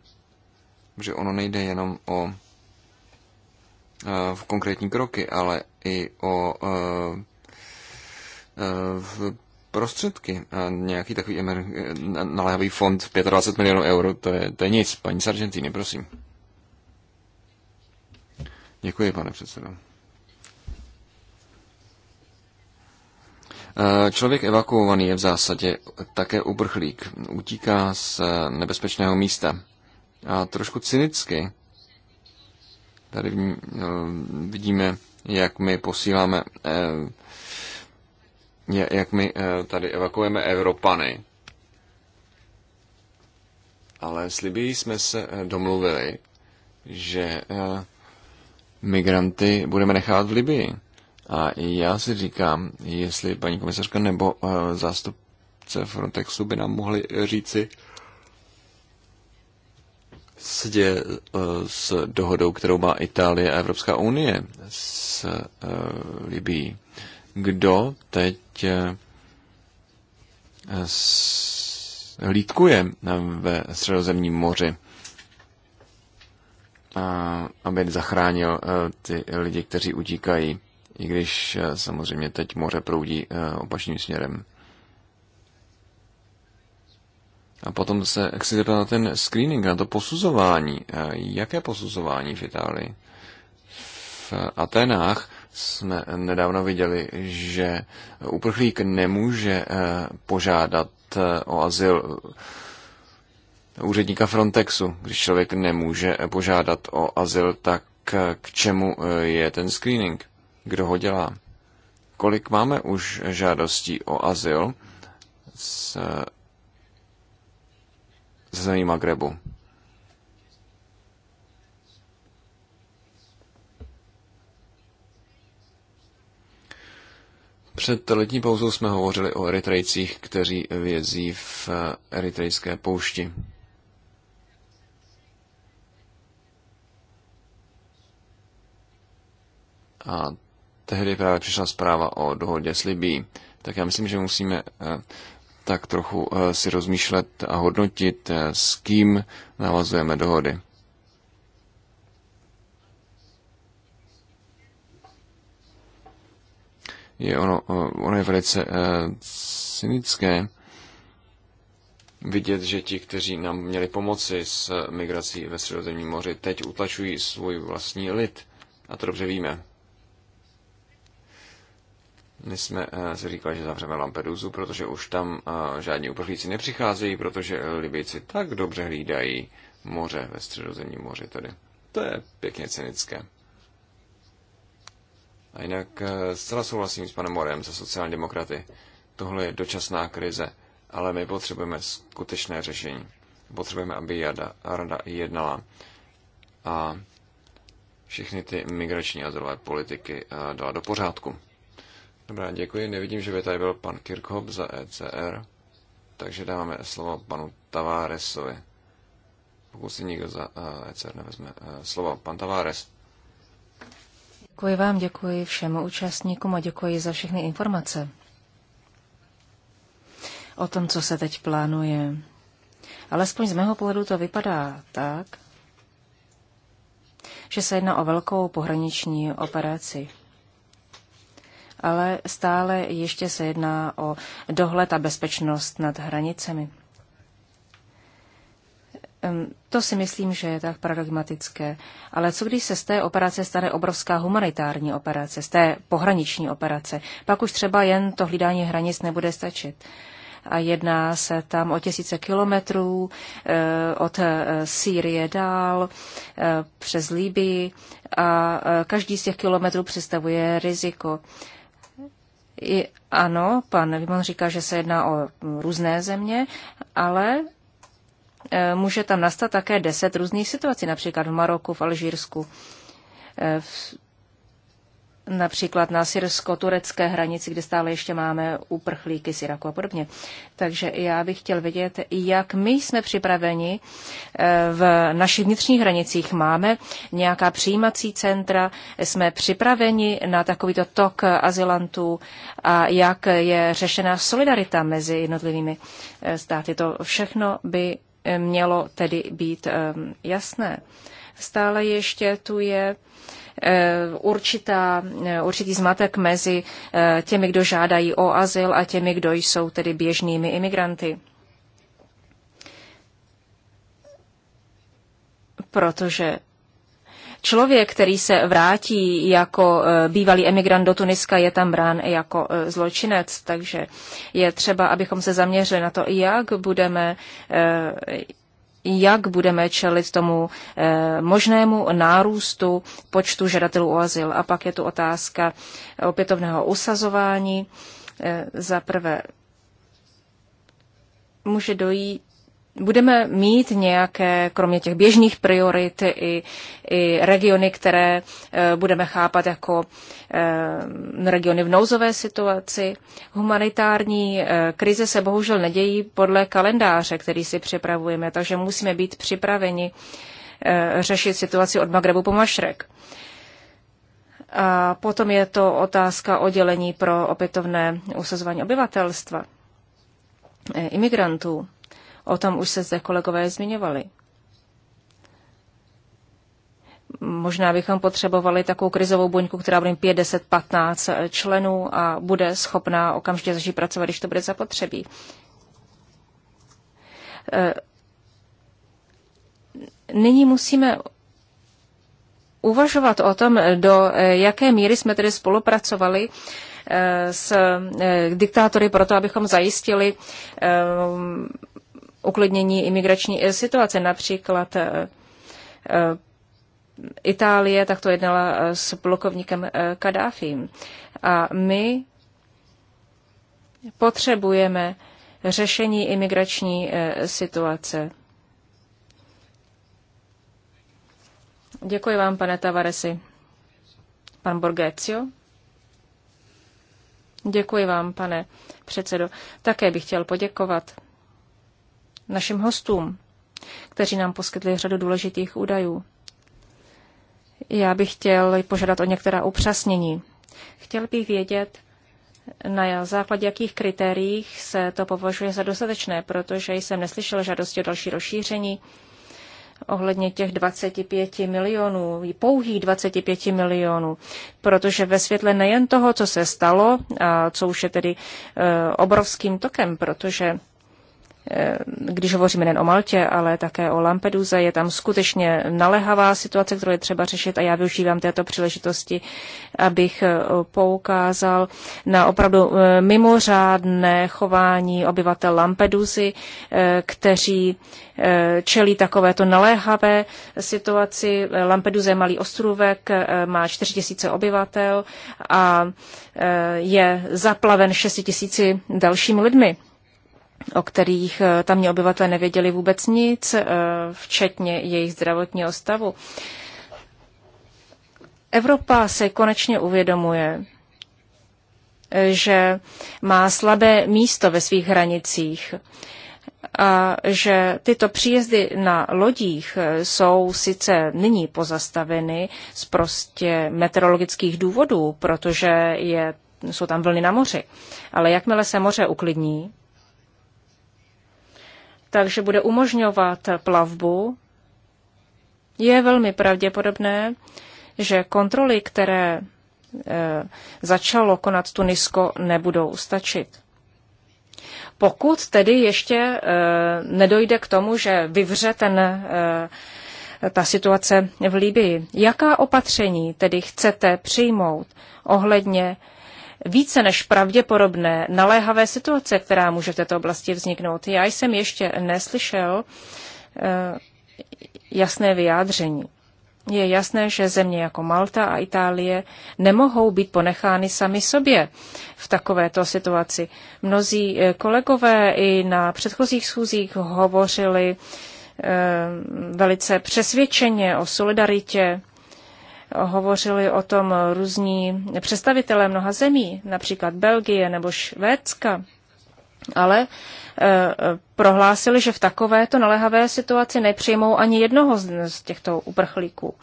že ono nejde jenom o eh, v konkrétní kroky, ale i o eh, v prostředky a nějaký takový naléhavý fond 25 milionů euro to je, to je nic. Paní Sargentini, prosím. Děkuji, pane předsedo. E, člověk evakuovaný je v zásadě také uprchlík. Utíká z nebezpečného místa. A trošku cynicky tady e, vidíme, jak my posíláme e, jak my eh, tady evakuujeme Evropany. Ale s Libií jsme se eh, domluvili, že eh, migranty budeme nechávat v Libii. A já si říkám, jestli paní komisařka nebo zástupce Frontexu by nám mohli říci, sedě s dohodou, kterou má Itálie a Evropská unie s Libií kdo teď eh, hlídkuje ve středozemním moři, aby zachránil eh, ty lidi, kteří utíkají, i když eh, samozřejmě teď moře proudí opačným směrem. A potom se chci zeptat na ten screening, na to posuzování. Jaké posuzování v Itálii? V Atenách jsme nedávno viděli, že uprchlík nemůže eh, požádat eh, o azyl úředníka Frontexu. Když člověk nemůže eh, požádat o azyl, tak k čemu je ten screening? Kdo ho dělá? Kolik máme už žádostí o azyl z, z zemí Magrebu? Před letní pauzou jsme hovořili o Eritrejcích, kteří vězí v eritrejské poušti. A tehdy právě přišla zpráva o dohodě s Libí. Tak já myslím, že musíme eh, tak trochu eh, si rozmýšlet a hodnotit, eh, s kým navazujeme dohody. je ono, eh, ono je velice uh, cynické vidět, že ti, kteří nám měli pomoci s eh, migrací ve Středozemním moři, teď utlačují svůj vlastní lid. A to dobře víme. My jsme uh, si říkali, že zavřeme Lampedusu, protože už tam uh, žádní uprchlíci nepřicházejí, protože Libyjci tak dobře hlídají moře ve Středozemním moři tady. To je pěkně cynické. A jinak eh, zcela souhlasím s panem Morem za sociální demokraty. Tohle je dočasná krize, ale my potřebujeme skutečné řešení. Potřebujeme, aby jada, rada jednala a všechny ty migrační azylové politiky eh, dala do pořádku. Dobrá, děkuji. Nevidím, že by tady byl pan Kirchhoff za ECR, takže dáváme slovo panu Tavaresovi. Pokud si nikdo za ECR eh, e nevezme slovo. Pan Tavares. Děkuji vám, děkuji všem účastníkům a děkuji za všechny informace o tom, co se teď plánuje. Alespoň z mého pohledu to vypadá tak, že se jedná o velkou pohraniční operaci. Ale stále ještě se jedná o dohled a bezpečnost nad hranicemi. To si myslím, že je tak paradigmatické. Ale co když se z té operace stane obrovská humanitární operace, z té pohraniční operace? Pak už třeba jen to hlídání hranic nebude stačit. A jedná se tam o tisíce kilometrů eh, od eh, Sýrie dál eh, přes Líbii a každý z těch kilometrů představuje riziko. I, ano, pan Vimon říká, že se jedná o různé země, ale Eh, může tam nastat také deset různých situací, například v Maroku, v Alžírsku, eh, v, například na syrsko-turecké hranici, kde stále ještě máme uprchlíky z Iraku a podobně. Takže já bych chtěl vidět, jak my jsme připraveni eh, v našich vnitřních hranicích. Máme nějaká přijímací centra, jsme připraveni na takovýto tok azylantů a jak je řešena solidarita mezi jednotlivými státy. To všechno by mělo tedy být ehm, jasné. Stále ještě tu je ehm, určitá, eh, určitý zmatek mezi eh, těmi, kdo žádají o azyl a těmi, kdo jsou tedy běžnými imigranty. Protože Člověk, který se vrátí jako e, bývalý emigrant do Tuniska, je tam brán jako e, zločinec, takže je třeba, abychom se zaměřili na to, jak budeme e, jak budeme čelit tomu možnému nárůstu počtu žadatelů o azyl. A pak je tu otázka opětovného usazování. Za prvé, může dojít budeme mít nějaké, kromě těch běžných priorit, i, i regiony, které eh, budeme chápat jako eh, regiony v nouzové situaci. Humanitární eh, krize se bohužel nedějí podle kalendáře, který si připravujeme, takže musíme být připraveni řešit situaci od Magrebu po Mašrek. A potom je to otázka oddělení pro opětovné usazování obyvatelstva, imigrantů. O tom už se zde kolegové zmiňovali. Možná bychom potřebovali takovou krizovou buňku, která bude 5, 10, 15 členů a bude schopná okamžitě začít pracovat, když to bude zapotřebí. E, nyní musíme uvažovat o tom, do e, jaké míry jsme tedy spolupracovali e, s diktátory proto, abychom zajistili uklidnění imigrační eh, situace. Například eh, eh, Itálie takto jednala s plukovníkem Kadáfím. A my potřebujeme řešení imigrační situace. Děkuji vám, pane Tavaresi. Pan Borgecio? Děkuji vám, pane předsedo. Také bych chtěl poděkovat našim hostům, kteří nám poskytli řadu důležitých údajů. Já bych chtěl požádat o některá upřesnění. Chtěl bych vědět, na základě jakých kritériích se to považuje za dostatečné, protože jsem neslyšel žádosti o další rozšíření ohledně těch 25 milionů, pouhých 25 milionů, protože ve světle nejen toho, co se stalo, a co už je tedy e, obrovským tokem, protože Eh, když hovoříme nejen o Maltě, ale také o Lampeduze, je tam skutečně naléhavá situace, kterou je třeba řešit a já využívám této příležitosti, abych eh, poukázal na opravdu eh, mimořádné chování obyvatel Lampeduzy, kteří čelí takovéto naléhavé situaci. Lampeduze je malý ostrůvek, má 4 000 obyvatel a je zaplaven 6 000 dalšími lidmi o kterých eh, tamní obyvatelé nevěděli vůbec nic, eh, včetně jejich zdravotního stavu. Evropa se konečně uvědomuje, že má slabé místo ve svých hranicích a že tyto příjezdy na lodích eh, jsou sice nyní pozastaveny z prostě meteorologických důvodů, protože je, jsou tam vlny na moři. Ale jakmile se moře uklidní, takže bude umožňovat plavbu, je velmi pravděpodobné, že kontroly, které e, začalo konat Tunisko, nebudou stačit. Pokud tedy ještě e, nedojde k tomu, že vyvře ten, e, ta situace v Libii, jaká opatření tedy chcete přijmout ohledně více než pravděpodobné naléhavé situace, která může v této oblasti vzniknout. Já jsem ještě neslyšel eh, jasné vyjádření. Je jasné, že země jako Malta a Itálie nemohou být ponechány sami sobě v takovéto situaci. Mnozí eh, kolegové i na předchozích schůzích hovořili eh, velice přesvědčeně o solidaritě Hovořili o tom různí představitelé mnoha zemí, například Belgie nebo Švédska, ale e, prohlásili, že v takovéto naléhavé situaci nepřijmou ani jednoho z těchto uprchlíků.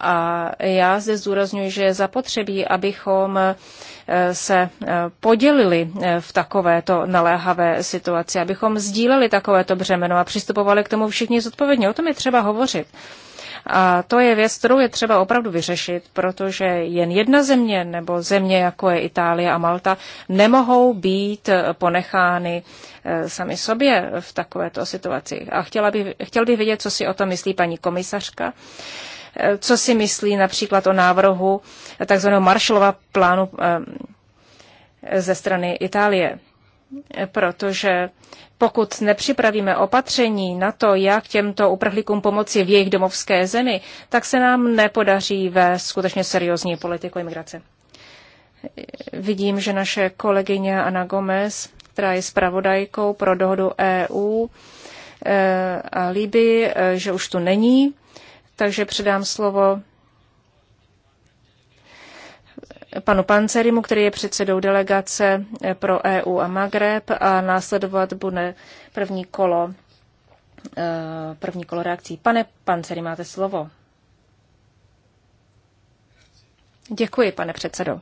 A já zde zúraznuju, že je zapotřebí, abychom e, se e, podělili v takovéto naléhavé situaci, abychom sdíleli takovéto břemeno a přistupovali k tomu všichni zodpovědně. O tom je třeba hovořit. A to je věc, kterou je třeba opravdu vyřešit, protože jen jedna země nebo země, jako je Itálie a Malta, nemohou být ponechány e, sami sobě v takovéto situaci. A chtěla bych, chtěl bych vědět, co si o tom myslí paní komisařka e, co si myslí například o návrhu takzvaného Marshallova plánu e, ze strany Itálie protože pokud nepřipravíme opatření na to, jak těmto uprchlíkům pomoci v jejich domovské zemi, tak se nám nepodaří vést skutečně seriózní politiku imigrace. Vidím, že naše kolegyně Ana Gomez, která je zpravodajkou pro dohodu EU eh, a Libii, eh, že už tu není, takže předám slovo panu Pancerimu, který je předsedou delegace pro EU a Magreb a následovat bude první kolo, eh, první kolo reakcí. Pane Panceri, máte slovo. Děkuji, pane předsedo.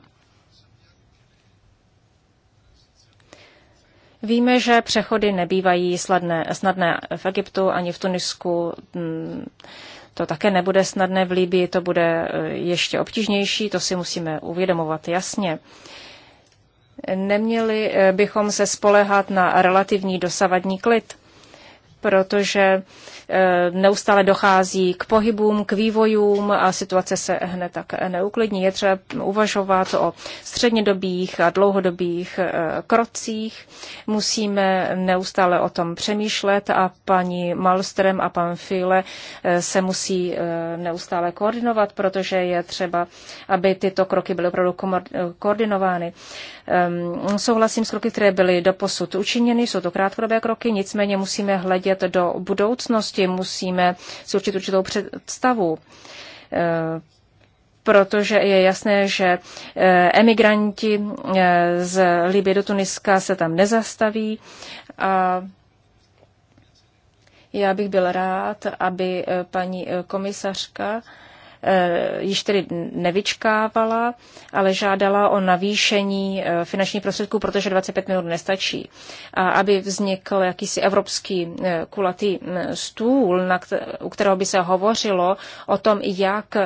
Víme, že přechody nebývají sladné, snadné v Egyptu ani v Tunisku. Hmm. To také nebude snadné v Líbii, to bude e, ještě obtížnější, to si musíme uvědomovat jasně. Neměli e, bychom se spolehat na relativní dosavadní klid, protože Eh, neustále dochází k pohybům, k vývojům a situace se hned tak neuklidní. Je třeba uvažovat o střednědobých a dlouhodobých eh, krocích. Musíme neustále o tom přemýšlet a paní Malstrem a pan File eh, se musí neustále koordinovat, protože je třeba, aby tyto kroky byly opravdu koordinovány. Souhlasím s kroky, které byly doposud učiněny, jsou to krátkodobé kroky, nicméně musíme hledět do budoucnosti, musíme si určit určitou představu protože je jasné, že eh, emigranti eh, z Libie do Tuniska se tam nezastaví. A já bych byl rád, aby eh, paní komisařka Eh, již tedy nevyčkávala, ale žádala o navýšení eh, finančních prostředků, protože 25 minut nestačí. A aby vznikl jakýsi evropský eh, kulatý mm, stůl, na u kterého by se hovořilo o tom, jak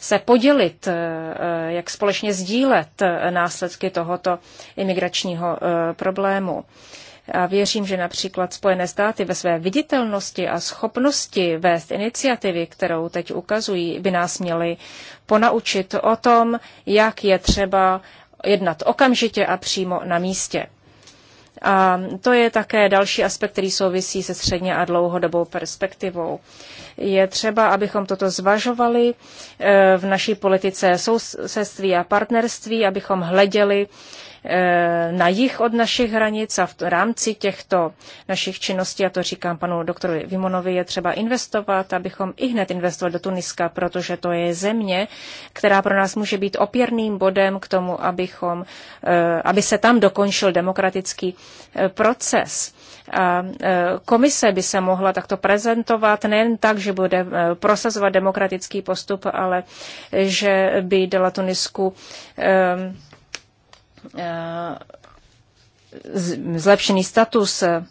se podělit, jak společně sdílet následky tohoto imigračního problému. A věřím, že například Spojené státy ve své viditelnosti a schopnosti vést iniciativy, kterou teď ukazují, by nás měly ponaučit o tom, jak je třeba jednat okamžitě a přímo na místě. A to je také další aspekt, který souvisí se středně a dlouhodobou perspektivou. Je třeba, abychom toto zvažovali eh, v naší politice sousedství a partnerství, abychom hleděli Eh, na jih od našich hranic a v rámci těchto našich činností, a to říkám panu doktoru Vimonovi, je třeba investovat, abychom i hned investovali do Tuniska, protože to je země, která pro nás může být opěrným bodem k tomu, abychom, eh, aby se tam dokončil demokratický eh, proces. A komise by se mohla takto prezentovat nejen tak, že bude prosazovat demokratický postup, ale že by dala Tunisku Eh, zlepšený status, eh,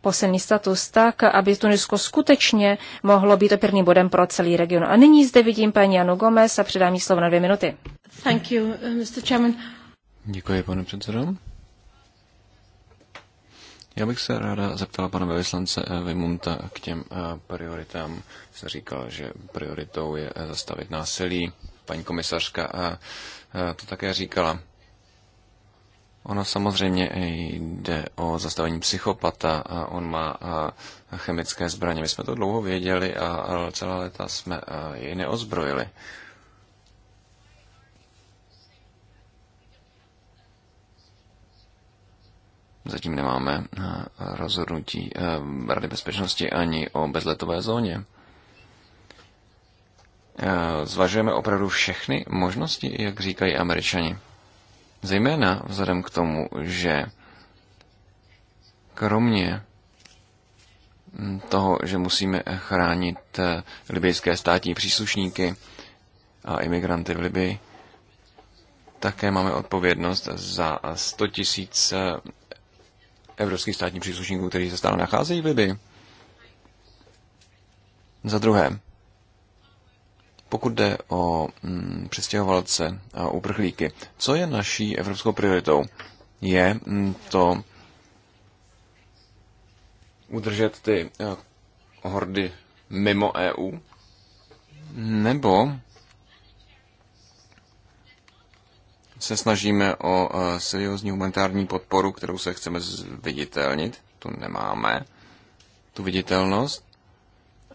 posilný status tak, aby Tunisko skutečně mohlo být opěrným bodem pro celý region. A nyní zde vidím paní Janu Gomez a předám jí slovo na dvě minuty. Thank you, eh, Mr. Chairman. Děkuji, pane předsedo. Já bych se ráda zeptala pana Vyslance Vimunta k těm prioritám. Se říkal, že prioritou je zastavit násilí, paní komisařka to také říkala. Ono samozřejmě jde o zastavení psychopata a on má chemické zbraně. My jsme to dlouho věděli a celá léta jsme jej neozbrojili. Zatím nemáme rozhodnutí Rady bezpečnosti ani o bezletové zóně. Eh, zvažujeme opravdu všechny možnosti, jak říkají američani. Zejména vzhledem k tomu, že kromě hm, toho, že musíme chránit eh, libijské státní příslušníky a imigranty v Libii, také máme odpovědnost za 100 tisíc eh, evropských státních příslušníků, kteří se stále nacházejí v Libii. Za druhé, pokud jde o mm, přistěhovalce a uprchlíky, co je naší evropskou prioritou? Je mm, to udržet ty uh, hordy mimo EU? Nebo se snažíme o uh, seriózní humanitární podporu, kterou se chceme zviditelnit? Tu nemáme, tu viditelnost,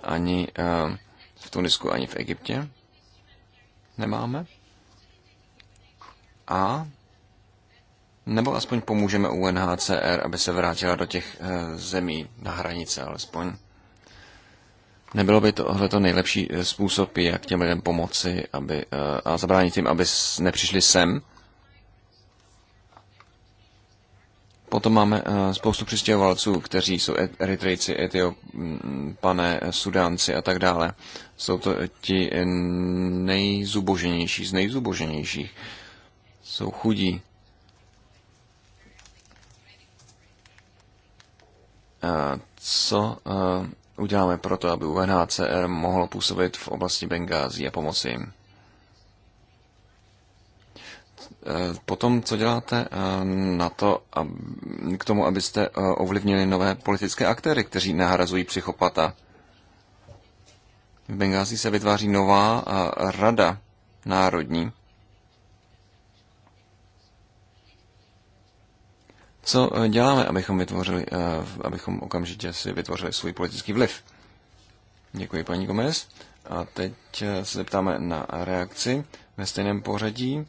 ani uh, v Tunisku ani v Egyptě nemáme. A nebo aspoň pomůžeme UNHCR, aby se vrátila do těch eh, zemí na hranice alespoň. Nebylo by tohle to nejlepší eh, způsob, jak těm lidem pomoci aby, eh, a zabránit jim, aby nepřišli sem? Potom máme eh, spoustu přistěhovalců, kteří jsou e- Eritrejci, Etiopané, mm, Sudánci a tak dále. Jsou to ti nejzuboženější z nejzuboženějších. Jsou chudí. Eh, co eh, uděláme pro to, aby UNHCR mohlo působit v oblasti Bengází a pomoci jim? Eh, potom, co děláte eh, na to, k tomu, abyste eh, ovlivnili nové politické aktéry, kteří nahrazují psychopata? V Bengázi se vytváří nová rada národní. Co děláme, abychom, vytvořili, abychom okamžitě si vytvořili svůj politický vliv? Děkuji, paní Gomez. A teď se zeptáme na reakci ve stejném pořadí.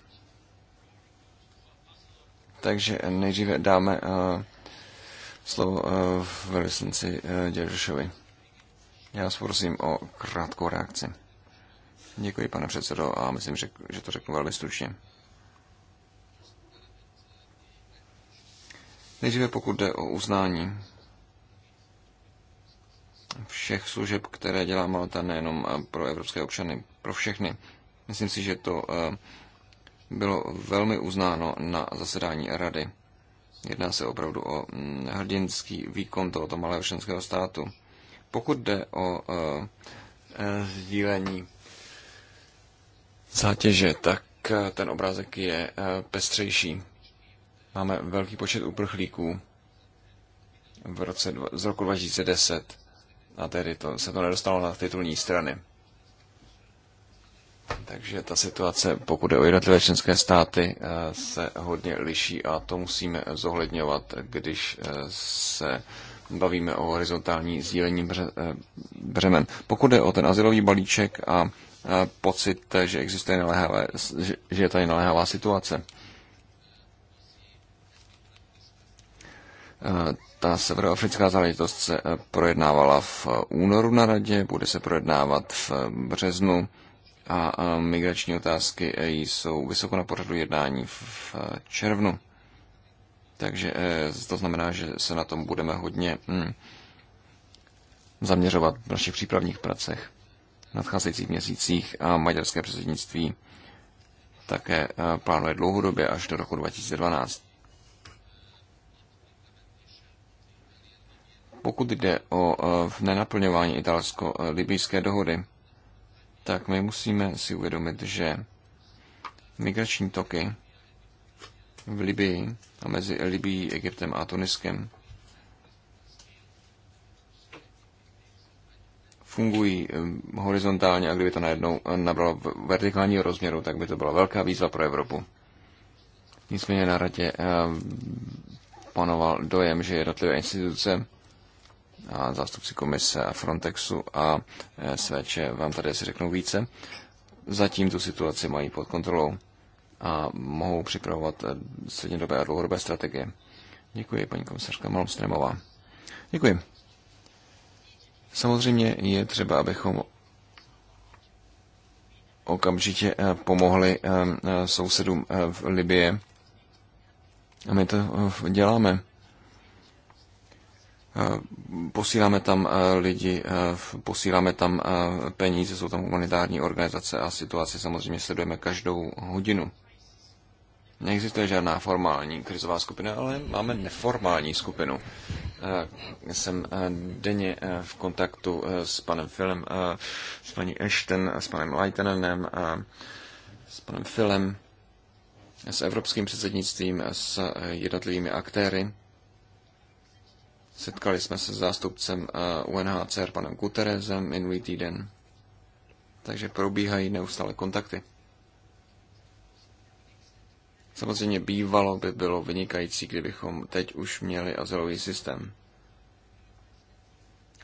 Takže nejdříve dáme uh, slovo uh, velvyslanci uh, eh, Děržovi. Já vás prosím o krátkou reakci. Děkuji, pane předsedo, a myslím, že, že to řeknu velmi stručně. Nejdříve pokud jde o uznání všech služeb, které dělá Malta nejenom pro evropské občany, pro všechny. Myslím si, že to uh, bylo velmi uznáno na zasedání rady. Jedná se opravdu o mm, hrdinský výkon tohoto malého členského státu. Pokud jde o e, e, sdílení zátěže, tak e, ten obrázek je pestřejší. Máme velký počet uprchlíků v roce, z roku 2010 a tedy to, se to nedostalo na titulní strany. Takže ta situace, pokud je o jednotlivé členské státy, eh, se hodně liší a to musíme zohledňovat, když eh, se bavíme o horizontální sdílení eh, břemen. Pokud je o ten asilový balíček a pocit, že existuje naléhavé, že je tady naléhavá situace. Ta severoafrická záležitost se projednávala v únoru na radě, bude se projednávat v březnu a migrační otázky e, jsou vysoko na pořadu jednání v červnu. Takže e, to znamená, že se na tom budeme hodně hm, zaměřovat v našich přípravních pracech v nadcházejících měsících a maďarské předsednictví také e, plánuje dlouhodobě až do roku 2012. Pokud jde o nenaplňování italsko-libijské dohody, tak my musíme si uvědomit, že migrační toky v Libii a mezi Libií, Egyptem a Tuniskem fungují horizontálně a kdyby to najednou eh, nabralo vertikálního rozměru, tak by to byla velká výzva pro Evropu. Nicméně na radě eh, panoval dojem, že jednotlivé instituce a zástupci komise a Frontexu a e, SVČ vám tady asi řeknou více. Zatím tu situaci mají pod kontrolou a mohou připravovat e, střednědobé a dlouhodobé strategie. Děkuji, paní komisařka Malmstremová. Děkuji. Samozřejmě je třeba, abychom okamžitě e, pomohli sousedům v Libii. A my to děláme. Eh, posíláme tam eh, lidi, eh, posíláme tam peníze, jsou tam humanitární organizace a situaci samozřejmě sledujeme každou hodinu. Neexistuje žádná formální krizová skupina, ale máme neformální skupinu. Jsem denně v kontaktu s panem Filem, s paní Ashton, s panem Leitenenem, s panem Filem, s evropským předsednictvím, s jednotlivými aktéry Setkali jsme se s zástupcem eh, UNHCR panem Guterezem minulý týden, takže probíhají neustále kontakty. Samozřejmě bývalo by bylo vynikající, kdybychom teď už měli azylový systém.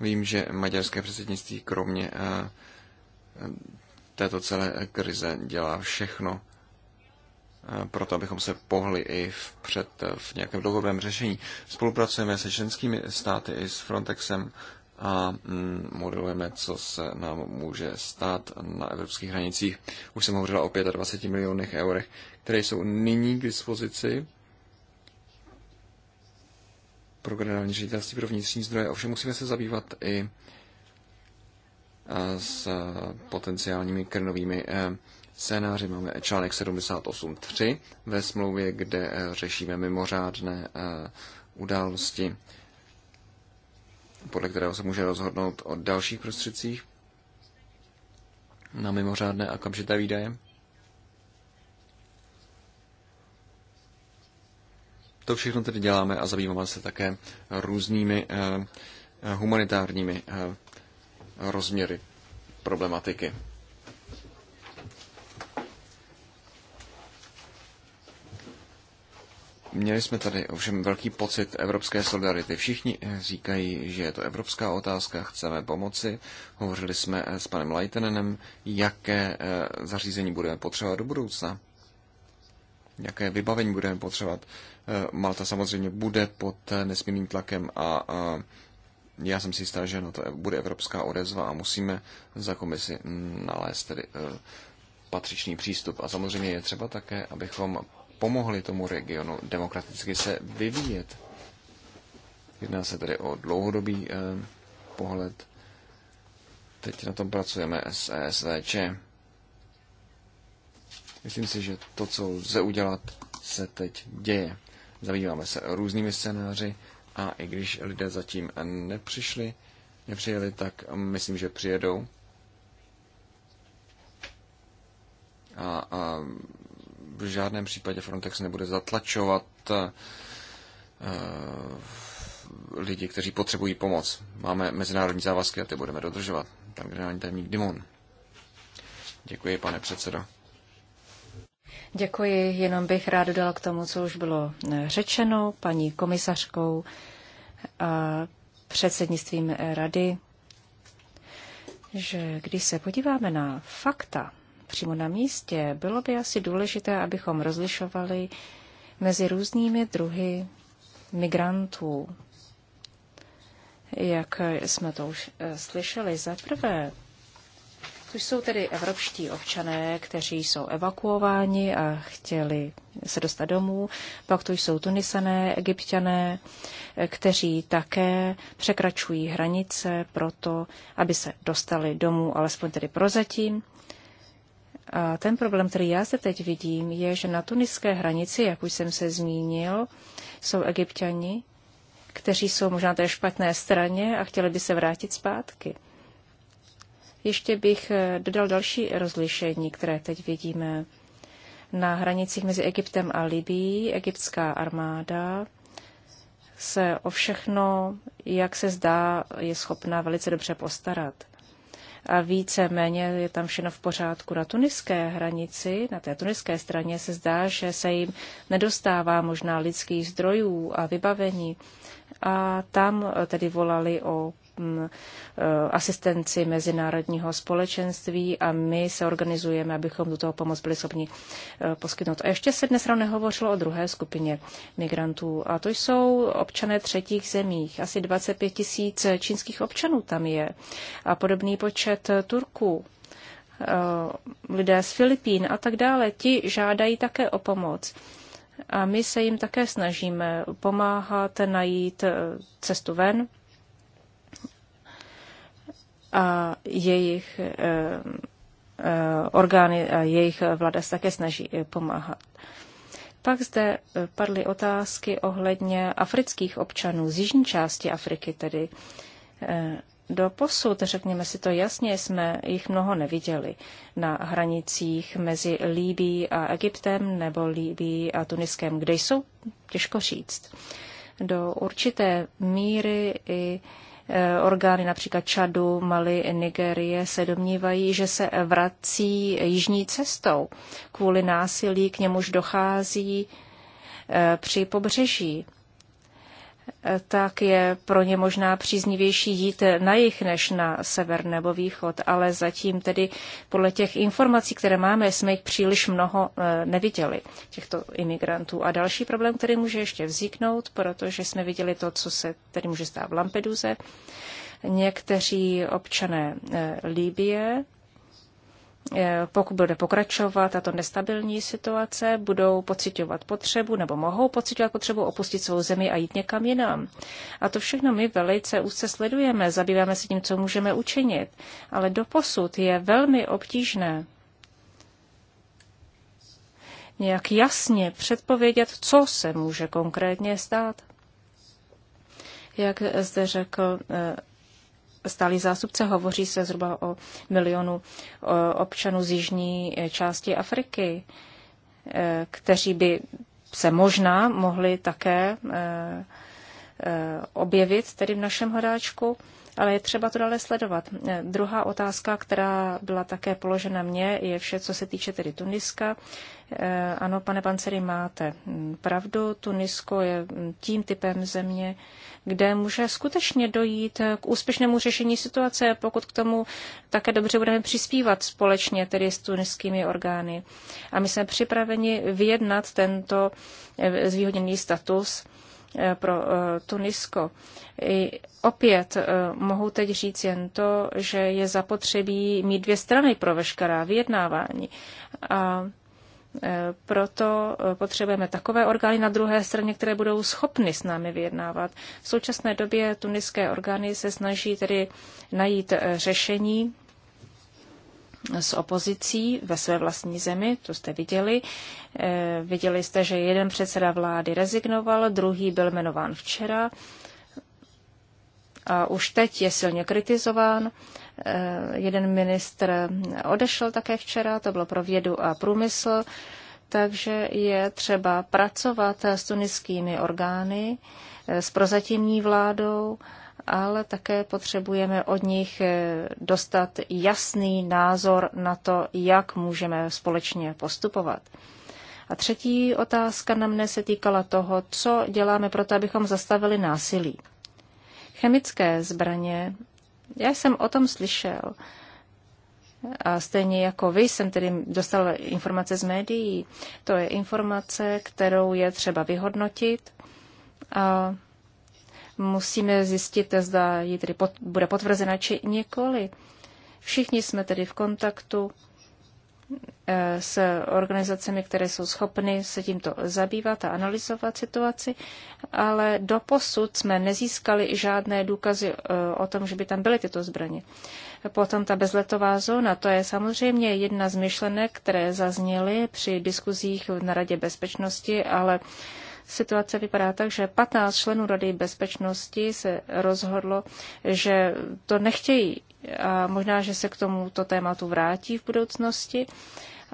Vím, že maďarské předsednictví kromě eh, eh, této celé krize dělá všechno Eh, proto abychom se pohli i vpřed eh, v nějakém dlouhodobém řešení. Spolupracujeme se členskými státy i s Frontexem a mm, modelujeme, co se nám může stát na evropských hranicích. Už jsem hovořila o 25 milionech eurech, které jsou nyní k dispozici pro generální ředitelství pro vnitřní zdroje. Ovšem musíme se zabývat i eh, s potenciálními krnovými scénáři máme článek 78.3 ve smlouvě, kde eh, řešíme mimořádné eh, události, podle kterého se může rozhodnout o dalších prostředcích na mimořádné a kamžité výdaje. To všechno tedy děláme a zabýváme se také různými eh, humanitárními rozměry problematiky. Měli jsme tady ovšem velký pocit evropské solidarity. Všichni eh, říkají, že je to evropská otázka, chceme pomoci. Hovořili jsme eh, s panem Leitenenem, jaké eh, zařízení budeme potřebovat do budoucna, jaké vybavení budeme potřebovat. Malta samozřejmě bude pod nesmírným tlakem a, já jsem si jistá, že na to e, bude evropská odezva a musíme za komisi mm, nalézt tedy patřičný přístup. A samozřejmě je třeba také, abychom pomohli tomu regionu demokraticky se vyvíjet. Jedná se tedy o dlouhodobý eh, pohled. Teď na tom pracujeme s ESVČ. Myslím si, že to, co lze udělat, se teď děje. Zabýváme se různými scénáři a i když lidé zatím nepřišli, nepřijeli, tak myslím, že přijedou. A, a v žádném případě Frontex nebude zatlačovat eh, lidi, kteří potřebují pomoc. Máme mezinárodní závazky a ty budeme dodržovat. Tam není tajemník Dimon. Děkuji, pane předsedo. Děkuji, jenom bych rád dodala k tomu, co už bylo eh, řečeno paní komisařkou a předsednictvím rady, že když se podíváme na fakta, přímo na místě, bylo by asi důležité, abychom rozlišovali mezi různými druhy migrantů. Jak jsme to už eh, slyšeli, za prvé, to jsou tedy evropští občané, kteří jsou evakuováni a chtěli se dostat domů. Pak tu jsou tunisané, egyptiané, eh, kteří také překračují hranice proto, aby se dostali domů, alespoň tedy prozatím. A ten problém, který já se teď vidím, je, že na tuniské hranici, jak už jsem se zmínil, jsou egyptiani, kteří jsou možná na té špatné straně a chtěli by se vrátit zpátky. Ještě bych eh, dodal další rozlišení, které teď vidíme. Na hranicích mezi Egyptem a Libií egyptská armáda se o všechno, jak se zdá, je schopná velice dobře postarat a více-méně je tam všechno v pořádku. Na tuniské hranici, na té tuniské straně se zdá, že se jim nedostává možná lidských zdrojů a vybavení. A tam tedy volali o E, asistenci mezinárodního společenství a my se organizujeme, abychom do toho pomoc byli schopni e, poskytnout. A ještě se dnes ráno hovořilo o druhé skupině migrantů a to jsou občané třetích zemích. Asi 25 tisíc čínských občanů tam je a podobný počet Turků e, lidé z Filipín a tak dále, ti žádají také o pomoc. A my se jim také snažíme pomáhat najít cestu ven, a jejich eh, eh, orgány a jejich vláda se také snaží eh, pomáhat. Pak zde padly otázky ohledně afrických občanů z jižní části Afriky, tedy do posud, řekněme si to jasně, jsme jich mnoho neviděli na hranicích mezi Líbí a Egyptem nebo Líbí a Tuniskem, kde jsou, těžko říct. Do určité míry i Eh, orgány například Čadu, Mali, Nigerie se domnívají, že se vrací jižní cestou kvůli násilí, k němuž dochází eh, při pobřeží tak je pro ně možná příznivější jít na jich než na sever nebo východ, ale zatím tedy podle těch informací, které máme, jsme jich příliš mnoho eh, neviděli, těchto imigrantů. A další problém, který může ještě vzniknout, protože jsme viděli to, co se tedy může stát v Lampeduze, někteří občané eh, Líbie, Eh, pokud bude pokračovat tato nestabilní situace, budou pocitovat potřebu nebo mohou pocitovat potřebu opustit svou zemi a jít někam jinam. A to všechno my velice úzce sledujeme, zabýváme se tím, co můžeme učinit, ale doposud je velmi obtížné nějak jasně předpovědět, co se může konkrétně stát. Jak zde řekl eh, stálý zástupce, hovoří se zhruba o milionu občanů z jižní eh, části Afriky, eh, kteří by se možná mohli také eh, objevit tedy v našem hledáčku ale je třeba to dále sledovat. Eh, druhá otázka, která byla také položena mně, je vše, co se týče tedy Tuniska. Eh, ano, pane Panceri, máte hm, pravdu. Tunisko je hm, tím typem země, kde může skutečně dojít eh, k úspěšnému řešení situace, pokud k tomu také dobře budeme přispívat společně, tedy s tuniskými orgány. A my jsme připraveni vyjednat tento zvýhodněný status Eh, pro eh, Tunisko. I opět eh, mohu teď říct jen to, že je zapotřebí mít dvě strany pro veškerá vyjednávání. A proto potřebujeme takové orgány na druhé straně, které budou schopny s námi vyjednávat. V současné době tuniské orgány se snaží tedy najít řešení s opozicí ve své vlastní zemi, to jste viděli. Eh, viděli jste, že jeden předseda vlády rezignoval, druhý byl jmenován včera a už teď je silně kritizován. Eh, jeden ministr odešel také včera, to bylo pro vědu a průmysl, takže je třeba pracovat s tuniskými orgány, eh, s prozatímní vládou, ale také potřebujeme od nich eh, dostat jasný názor na to, jak můžeme společně postupovat. A třetí otázka na mne se týkala toho, co děláme pro to, abychom zastavili násilí. Chemické zbraně, já jsem o tom slyšel. A stejně jako vy jsem tedy dostal informace z médií. To je informace, kterou je třeba vyhodnotit. A musíme zjistit, zda ji tedy pot, bude potvrzena či nikoli. Všichni jsme tedy v kontaktu eh, s organizacemi, které jsou schopny se tímto zabývat a analyzovat situaci, ale posud jsme nezískali žádné důkazy eh, o tom, že by tam byly tyto zbraně. Potom ta bezletová zóna, to je samozřejmě jedna z myšlenek, které zazněly při diskuzích na Radě bezpečnosti, ale situace vypadá tak, že 15 členů Rady bezpečnosti se rozhodlo, že to nechtějí a možná, že se k tomuto tématu vrátí v budoucnosti,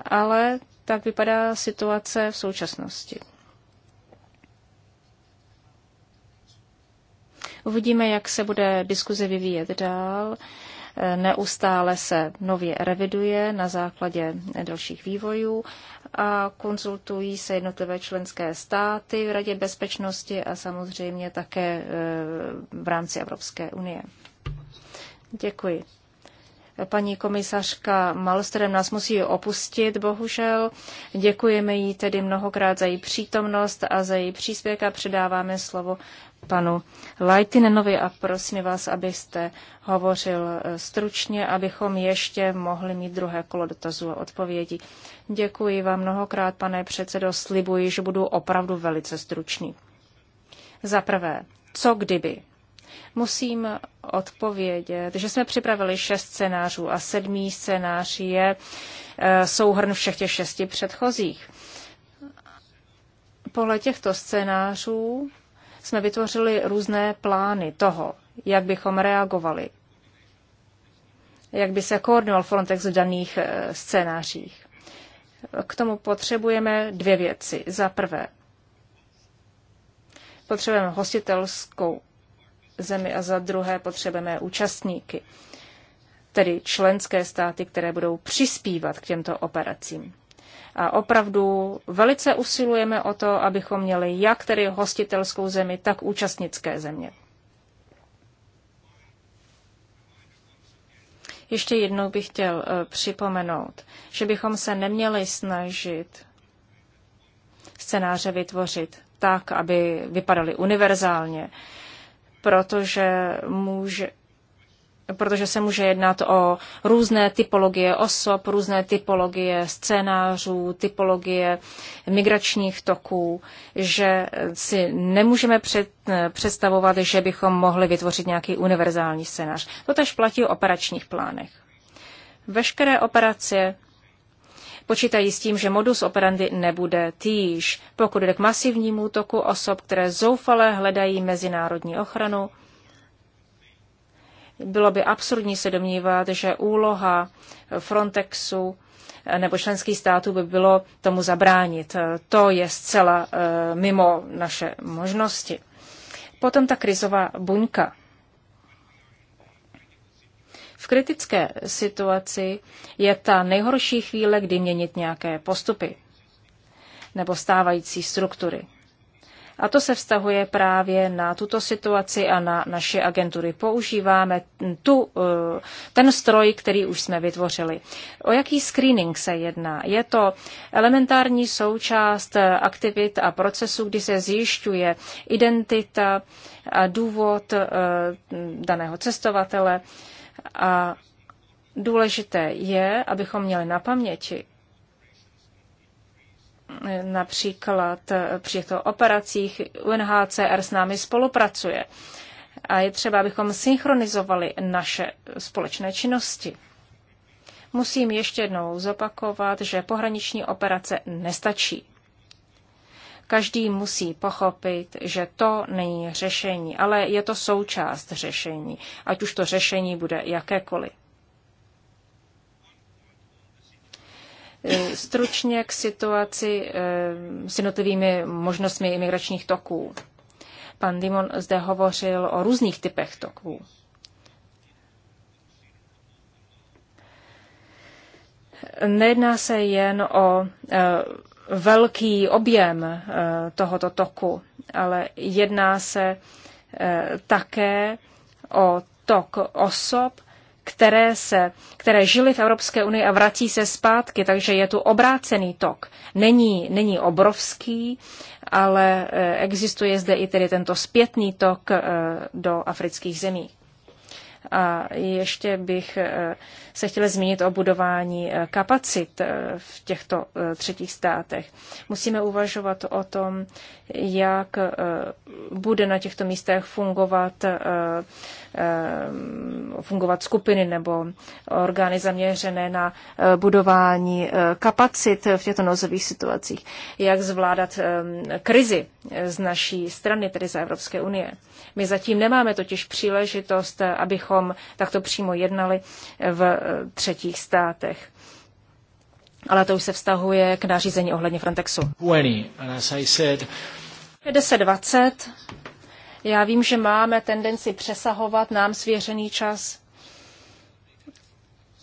ale tak vypadá situace v současnosti. Uvidíme, jak se bude diskuze vyvíjet dál. Neustále se nově reviduje na základě dalších vývojů a konzultují se jednotlivé členské státy v Radě bezpečnosti a samozřejmě také e, v rámci Evropské unie. Děkuji. Paní komisařka Malstrem nás musí opustit, bohužel. Děkujeme jí tedy mnohokrát za její přítomnost a za její příspěvek a předáváme slovo panu Leitinenovi a prosím vás, abyste hovořil eh, stručně, abychom ještě mohli mít druhé kolo dotazů a odpovědí. Děkuji vám mnohokrát, pane předsedo, slibuji, že budu opravdu velice stručný. Za prvé, co kdyby? Musím odpovědět, že jsme připravili šest scénářů a sedmý scénář je eh, souhrn všech těch šesti předchozích. Podle těchto scénářů jsme vytvořili různé plány toho, jak bychom reagovali, jak by se koordinoval Frontex v daných eh, scénářích. K tomu potřebujeme dvě věci. Za prvé, potřebujeme hostitelskou zemi a za druhé potřebujeme účastníky, tedy členské státy, které budou přispívat k těmto operacím. A opravdu velice usilujeme o to, abychom měli jak tedy hostitelskou zemi, tak účastnické země. Ještě jednou bych chtěl eh, připomenout, že bychom se neměli snažit scénáře vytvořit tak, aby vypadaly univerzálně, protože může, protože se může jednat o různé typologie osob, různé typologie scénářů, typologie migračních toků, že si nemůžeme před, představovat, že bychom mohli vytvořit nějaký univerzální scénář. To tež platí o operačních plánech. Veškeré operace počítají s tím, že modus operandi nebude týž, pokud jde k masivnímu toku osob, které zoufale hledají mezinárodní ochranu, bylo by absurdní se domnívat, že úloha Frontexu nebo členských států by bylo tomu zabránit. To je zcela eh, mimo naše možnosti. Potom ta krizová buňka. V kritické situaci je ta nejhorší chvíle, kdy měnit nějaké postupy nebo stávající struktury. A to se vztahuje právě na tuto situaci a na naše agentury. Používáme tu, eh, ten stroj, který už jsme vytvořili. O jaký screening se jedná? Je to elementární součást eh, aktivit a procesů, kdy se zjišťuje identita a důvod eh, daného cestovatele. A důležité je, abychom měli na paměti, Například při těchto operacích UNHCR s námi spolupracuje. A je třeba, abychom synchronizovali naše společné činnosti. Musím ještě jednou zopakovat, že pohraniční operace nestačí. Každý musí pochopit, že to není řešení, ale je to součást řešení, ať už to řešení bude jakékoliv. Eh, stručně k situaci eh, s jednotlivými možnostmi imigračních toků. Pan Dimon zde hovořil o různých typech toků. Nejedná se jen o eh, velký objem tohoto toku, ale jedná se také o tok osob, které, se, které žili v Evropské unii a vrací se zpátky, takže je tu obrácený tok. Není, není obrovský, ale eh, existuje zde i tedy tento zpětný tok eh, do afrických zemí. A ještě bych eh, se chtěla zmínit o budování kapacit v těchto třetích státech. Musíme uvažovat o tom, jak bude na těchto místech fungovat Eh, fungovat skupiny nebo orgány zaměřené na eh, budování eh, kapacit v těchto nouzových situacích, jak zvládat krizi z naší strany, tedy za Evropské unie. My zatím nemáme totiž příležitost, abychom takto přímo jednali v třetích státech. Ale to už se vztahuje k nařízení ohledně Frontexu. 20, já vím, že máme tendenci přesahovat nám svěřený čas.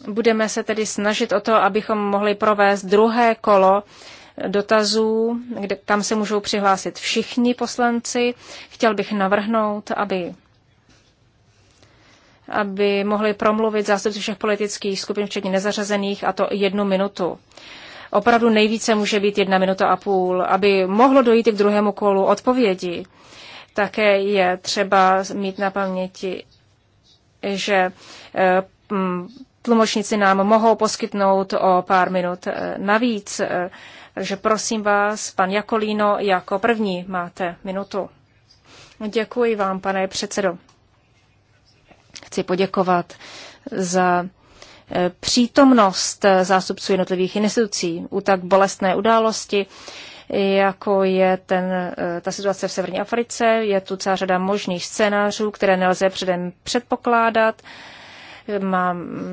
Budeme se tedy snažit o to, abychom mohli provést druhé kolo dotazů, kde, kam se můžou přihlásit všichni poslanci. Chtěl bych navrhnout, aby aby mohli promluvit zástupci všech politických skupin, včetně nezařazených, a to jednu minutu. Opravdu nejvíce může být jedna minuta a půl, aby mohlo dojít i k druhému kolu odpovědi. Také je třeba mít na paměti, že eh, tlumočníci nám mohou poskytnout o pár minut eh, navíc. Eh, takže prosím vás, pan Jakolíno, jako první máte minutu. Děkuji vám, pane předsedo. Chci poděkovat za přítomnost zástupců jednotlivých institucí u tak bolestné události jako je ten, eh, ta situace v Severní Africe. Je tu celá řada možných scénářů, které nelze předem předpokládat.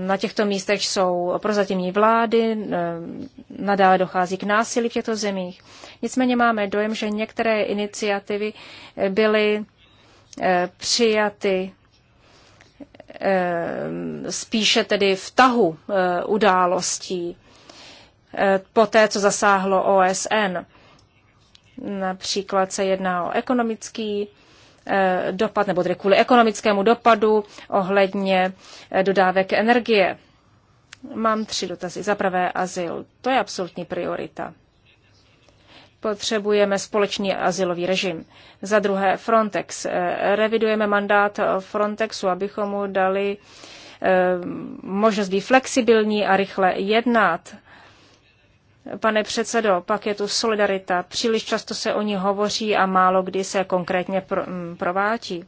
na těchto místech jsou prozatímní vlády, eh, nadále dochází k násilí v těchto zemích. Nicméně máme dojem, že některé iniciativy byly eh, přijaty spíše tedy v tahu událostí po té, co zasáhlo OSN. Například se jedná o ekonomický eh, dopad, nebo tedy kvůli ekonomickému dopadu ohledně eh, dodávek energie. Mám tři dotazy. Za prvé azyl. To je absolutní priorita. Potřebujeme společný azylový režim. Za druhé Frontex. Eh, revidujeme mandát Frontexu, abychom mu dali možnost být flexibilní a rychle jednat Pane předsedo, pak je tu solidarita. Příliš často se o ní hovoří a málo kdy se konkrétně mm, provádí.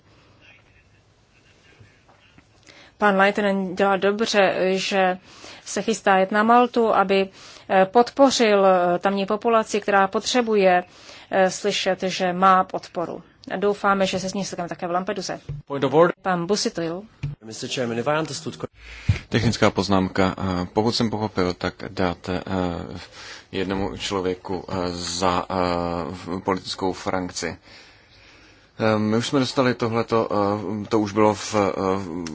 Pan Leitner dělá dobře, že se chystá jet na Maltu, aby eh, podpořil eh, tamní populaci, která potřebuje eh, slyšet, že má podporu a doufáme, že se s ní setkáme také v Lampeduse. Pan Busitil. Technická poznámka. Eh, pokud jsem pochopil, tak dáte eh, jednomu člověku eh, za politickou frankci. My už jsme dostali tohleto, to už bylo v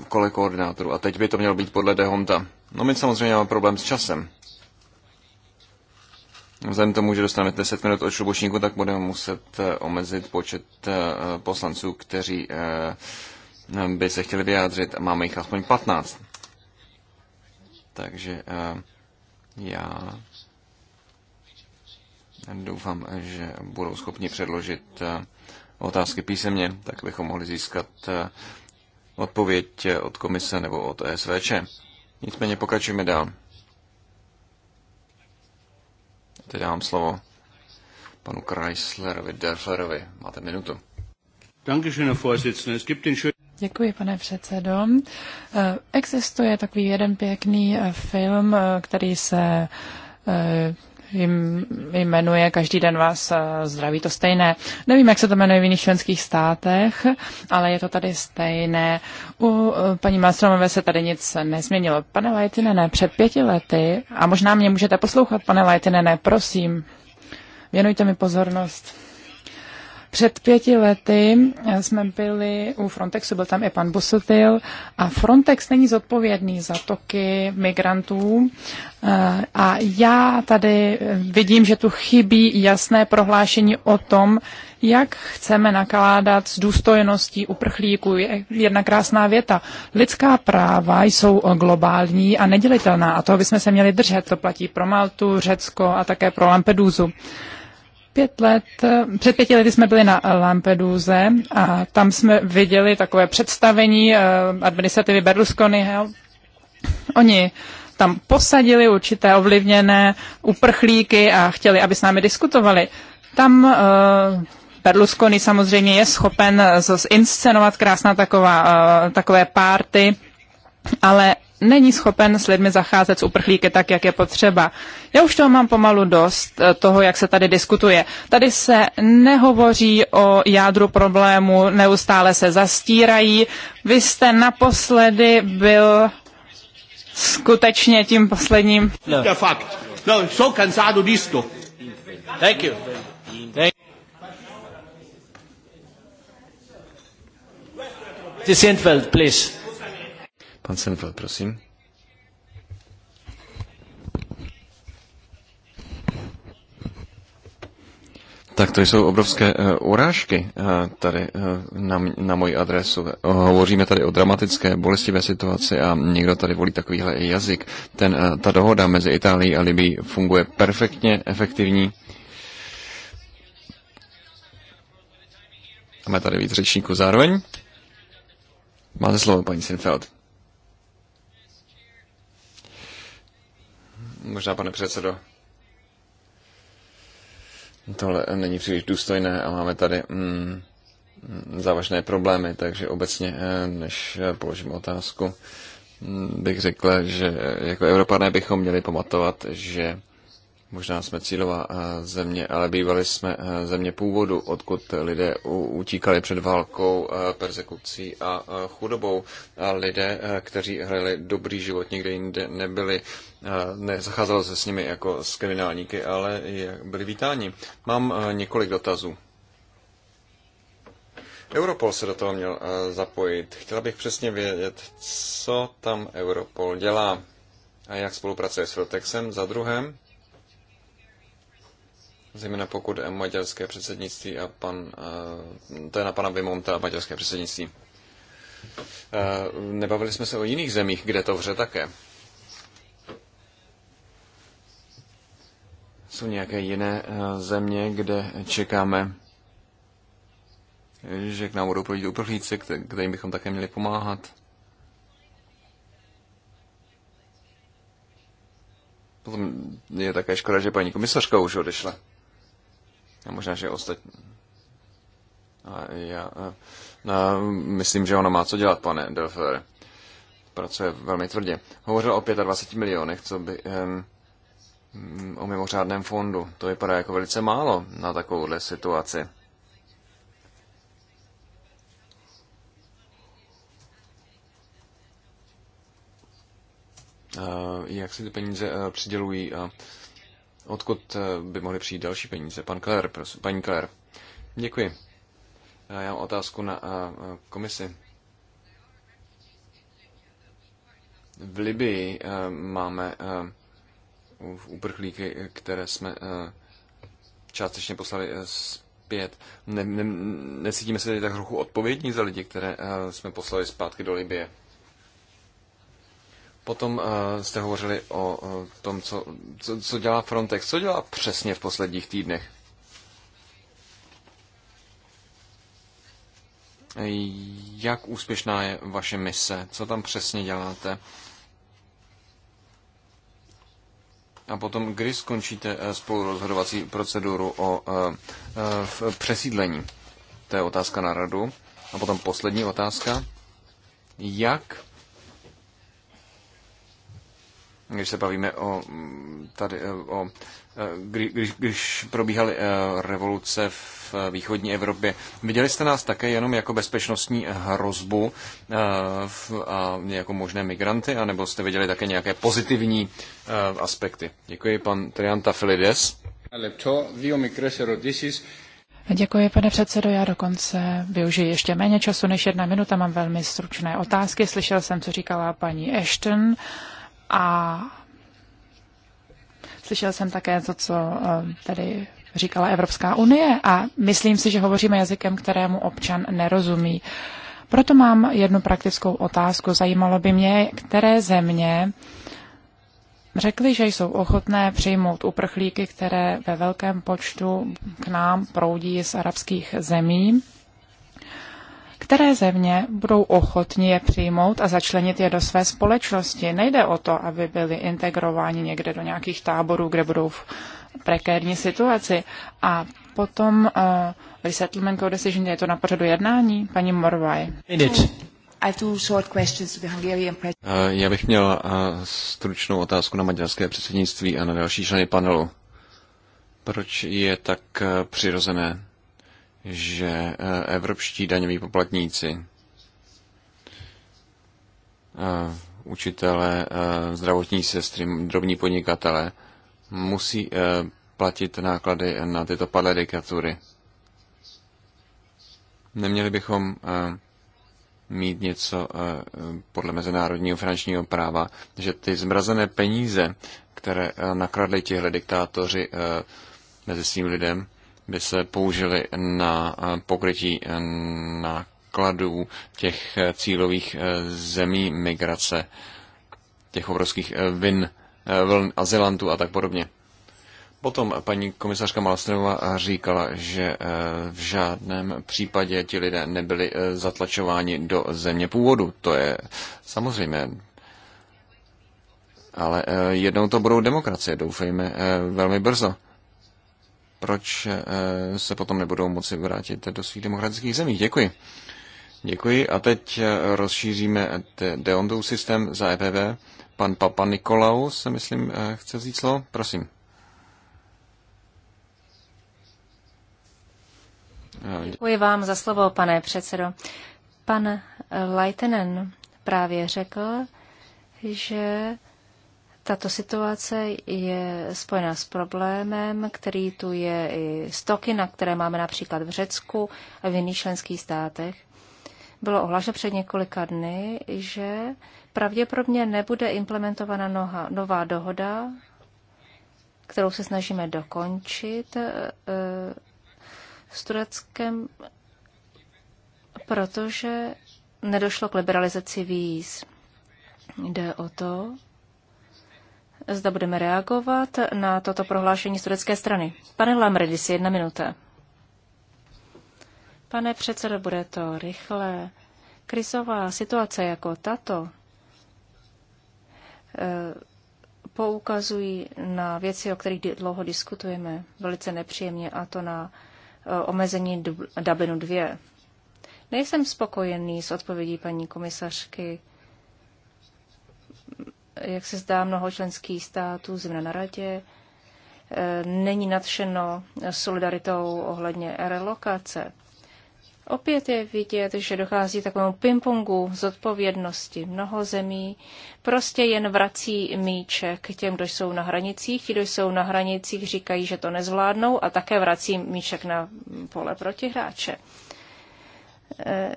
kole koordinátoru a teď by to mělo být podle Dehonta. No my samozřejmě máme problém s časem. Vzhledem tomu, že dostaneme 10 minut od šlubočníku, tak budeme muset eh, omezit počet eh, poslanců, kteří eh, by se chtěli vyjádřit. Máme jich aspoň 15. Takže já doufám, že budou schopni předložit otázky písemně, tak bychom mohli získat odpověď od komise nebo od ESVČ. Nicméně pokračujeme dál. Teď dám slovo panu Chryslerovi, Derflerovi. Máte minutu. Děkuji, pane předsedo. Eh, existuje takový jeden pěkný eh, film, eh, který se jmenuje, každý den vás eh, zdraví to stejné. Nevím, jak se to jmenuje v jiných členských státech, ale je to tady stejné. U eh, paní Malstromové se tady nic nezměnilo. Pane Lajtinene, před pěti lety, a možná mě můžete poslouchat, pane Lajtinene, prosím, věnujte mi pozornost. Před pěti lety eh, jsme byli u Frontexu, byl tam i pan Busotil a Frontex není zodpovědný za toky migrantů eh, a já tady eh, vidím, že tu chybí jasné prohlášení o tom, jak chceme nakládat s důstojností uprchlíků. Je jedna krásná věta. Lidská práva jsou globální a nedělitelná a toho bychom se měli držet. To platí pro Maltu, Řecko a také pro Lampedusu pět let, před pěti lety jsme byli na Lampeduze a tam jsme viděli takové představení eh, administrativy Berlusconiho. Oni tam posadili určité ovlivněné uprchlíky a chtěli, aby s námi diskutovali. Tam eh, Berlusconi samozřejmě je schopen eh, zinscenovat krásná taková, takové párty ale není schopen s lidmi zacházet s uprchlíky tak, jak je potřeba. Já už toho mám pomalu dost, eh, toho, jak se tady diskutuje. Tady se nehovoří o jádru problému, neustále se zastírají. Vy jste naposledy byl skutečně tím posledním. No. Fakt. No, so Thank you. Thank you. please. Pan Senfeld, prosím. Tak to jsou obrovské uh, urážky uh, tady uh, na, na moji adresu. Hovoříme tady o dramatické, bolestivé situaci a někdo tady volí takovýhle jazyk. Ten, uh, ta dohoda mezi Itálií a Libí funguje perfektně, efektivní. Máme tady víc řečníků zároveň. Máte slovo, paní Sinfeld. Možná, pane předsedo, tohle není příliš důstojné a máme tady mm, mm závažné problémy, takže obecně, eh, než položím otázku, mm, bych řekl, že jako Evropané bychom měli pamatovat, že Možná jsme cílová eh, země, ale bývali jsme eh, země původu, odkud lidé utíkali před válkou, eh, persekucí a chudobou. A lidé, kteří hledali dobrý život někde jinde, nebyli, nezacházelo se s nimi jako s kriminálníky, ale byli vítáni. Mám několik dotazů. Europol se do toho měl zapojit. Chtěla bych přesně vědět, co tam Europol dělá a jak spolupracuje s Frontexem. Za druhém, zejména pokud je maďarské předsednictví a pan, eh, to je na pana Vimonta a maďarské předsednictví. Eh, nebavili jsme se o jiných zemích, kde to vře také. Jsou nějaké jiné eh, země, kde čekáme, že k nám budou projít uprchlíci, kterým bychom také měli pomáhat. Potom je také škoda, že paní komisařka už odešla. A možná, že ostatní... A já a, eh, a no, myslím, že ono má co dělat, pane Delfer. Pracuje velmi tvrdě. Hovořil o 25 milionech, co by... Um, o mimořádném fondu. To vypadá jako velice málo na takovouhle situaci. Eh, jak se ty peníze eh, přidělují a odkud eh, by mohly přijít další peníze. Pan Kler, prosím. Paní Kler, děkuji. Eh, já mám otázku na eh, komisi. V Libii máme uprchlíky, které jsme částečně poslali zpět. Ne, ne, necítíme se tady tak trochu odpovědní za lidi, které jsme poslali zpátky do Libie. Potom eh, jste hovořili o eh, tom, co, co, co dělá Frontex. Co dělá přesně v posledních týdnech? Jak úspěšná je vaše mise? Co tam přesně děláte? A potom, kdy skončíte eh, rozhodovací proceduru o v přesídlení? To je otázka na radu. A potom poslední otázka. Jak když se bavíme o, tady, eh, o eh, kdy, když, když probíhaly eh, revoluce v východní Evropě. Viděli jste nás také jenom jako bezpečnostní hrozbu a jako možné migranty, anebo jste viděli také nějaké pozitivní aspekty? Děkuji, pan Trianta Filides. Děkuji, pane předsedo. Já dokonce využiji ještě méně času než jedna minuta. Mám velmi stručné otázky. Slyšel jsem, co říkala paní Ashton a slyšel jsem také to, co eh, tady říkala Evropská unie a myslím si, že hovoříme jazykem, kterému občan nerozumí. Proto mám jednu praktickou otázku. Zajímalo by mě, které země řekly, že jsou ochotné přijmout uprchlíky, které ve velkém počtu k nám proudí z arabských zemí které země budou ochotni je přijmout a začlenit je do své společnosti. Nejde o to, aby byli integrováni někde do nějakých táborů, kde budou v prekérní situaci. A potom uh, resettlement code decision je to na pořadu jednání, paní Morvaj. Eh, já bych měl eh, stručnou otázku na maďarské předsednictví a na další členy panelu. Proč je tak přirozené, že eh, evropští daňoví poplatníci, eh, učitele, eh, zdravotní sestry, drobní podnikatele musí platit náklady na tyto padedikatury. Neměli bychom mít něco podle mezinárodního finančního práva, že ty zmrazené peníze, které nakradli tihle diktátoři mezi svým lidem, by se použily na eh, pokrytí eh, nákladů těch eh, cílových zemí migrace, těch obrovských vin, vln azylantů a tak podobně. Potom paní komisařka Malstrová říkala, že v žádném případě ti lidé nebyli zatlačováni do země původu. To je samozřejmě. Ale jednou to budou demokracie, doufejme, velmi brzo proč eh, se potom nebudou moci vrátit do svých demokratických zemí. Děkuji. Děkuji a teď eh, rozšíříme Deondou systém za EPV. Pan Papa Nikolau se, myslím, eh, chce vzít slovo. Prosím. Děkuji vám za slovo, pane předsedo. Pan Leitenen právě řekl, že tato situace je spojena s problémem, který tu je i stoky, na které máme například v Řecku a v jiných členských státech. Bylo ohlášeno před několika dny, že pravděpodobně nebude implementována noha, nová dohoda, kterou se snažíme dokončit e, s Tureckem, protože nedošlo k liberalizaci víz. Jde o to, zda budeme reagovat na toto prohlášení z turecké strany. Pane Lamredis, jedna minuta. Pane předsedo, bude to rychle. Krizová situace jako tato eh, poukazují na věci, o kterých dlouho diskutujeme, velice nepříjemně, a to na eh, omezení Dublinu 2. Nejsem spokojený s odpovědí paní komisařky jak se zdá, mnoho členských států, zejména na radě, eh, není nadšeno solidaritou ohledně relokace. Opět je vidět, že dochází takovému pingpongu z odpovědnosti. Mnoho zemí prostě jen vrací míček těm, kdo jsou na hranicích. Ti, kdo jsou na hranicích, říkají, že to nezvládnou a také vrací míček na pole protihráče. Eh,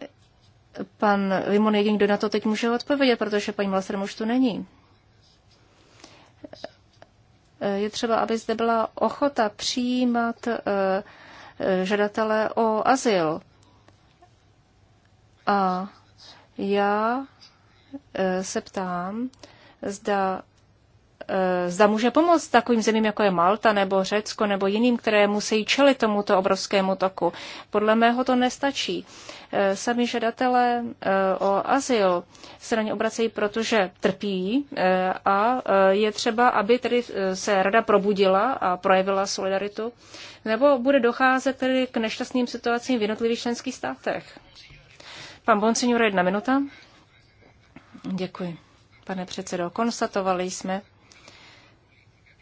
pan Limon jediný, kdo na to teď může odpovědět, protože paní Malstrem už tu není je třeba, aby zde byla ochota přijímat eh, eh, žadatele o azyl. A já eh, se ptám, zda Eh, zda může pomoct takovým zemím, jako je Malta nebo Řecko nebo jiným, které musí čelit tomuto obrovskému toku. Podle mého to nestačí. Eh, sami žadatelé eh, o azyl se na ně obracejí, protože trpí a je třeba, aby tedy se rada probudila a projevila solidaritu, nebo bude docházet tedy k nešťastným situacím v jednotlivých členských státech. Pan Bonsignor, jedna minuta. Děkuji. Pane předsedo, konstatovali jsme,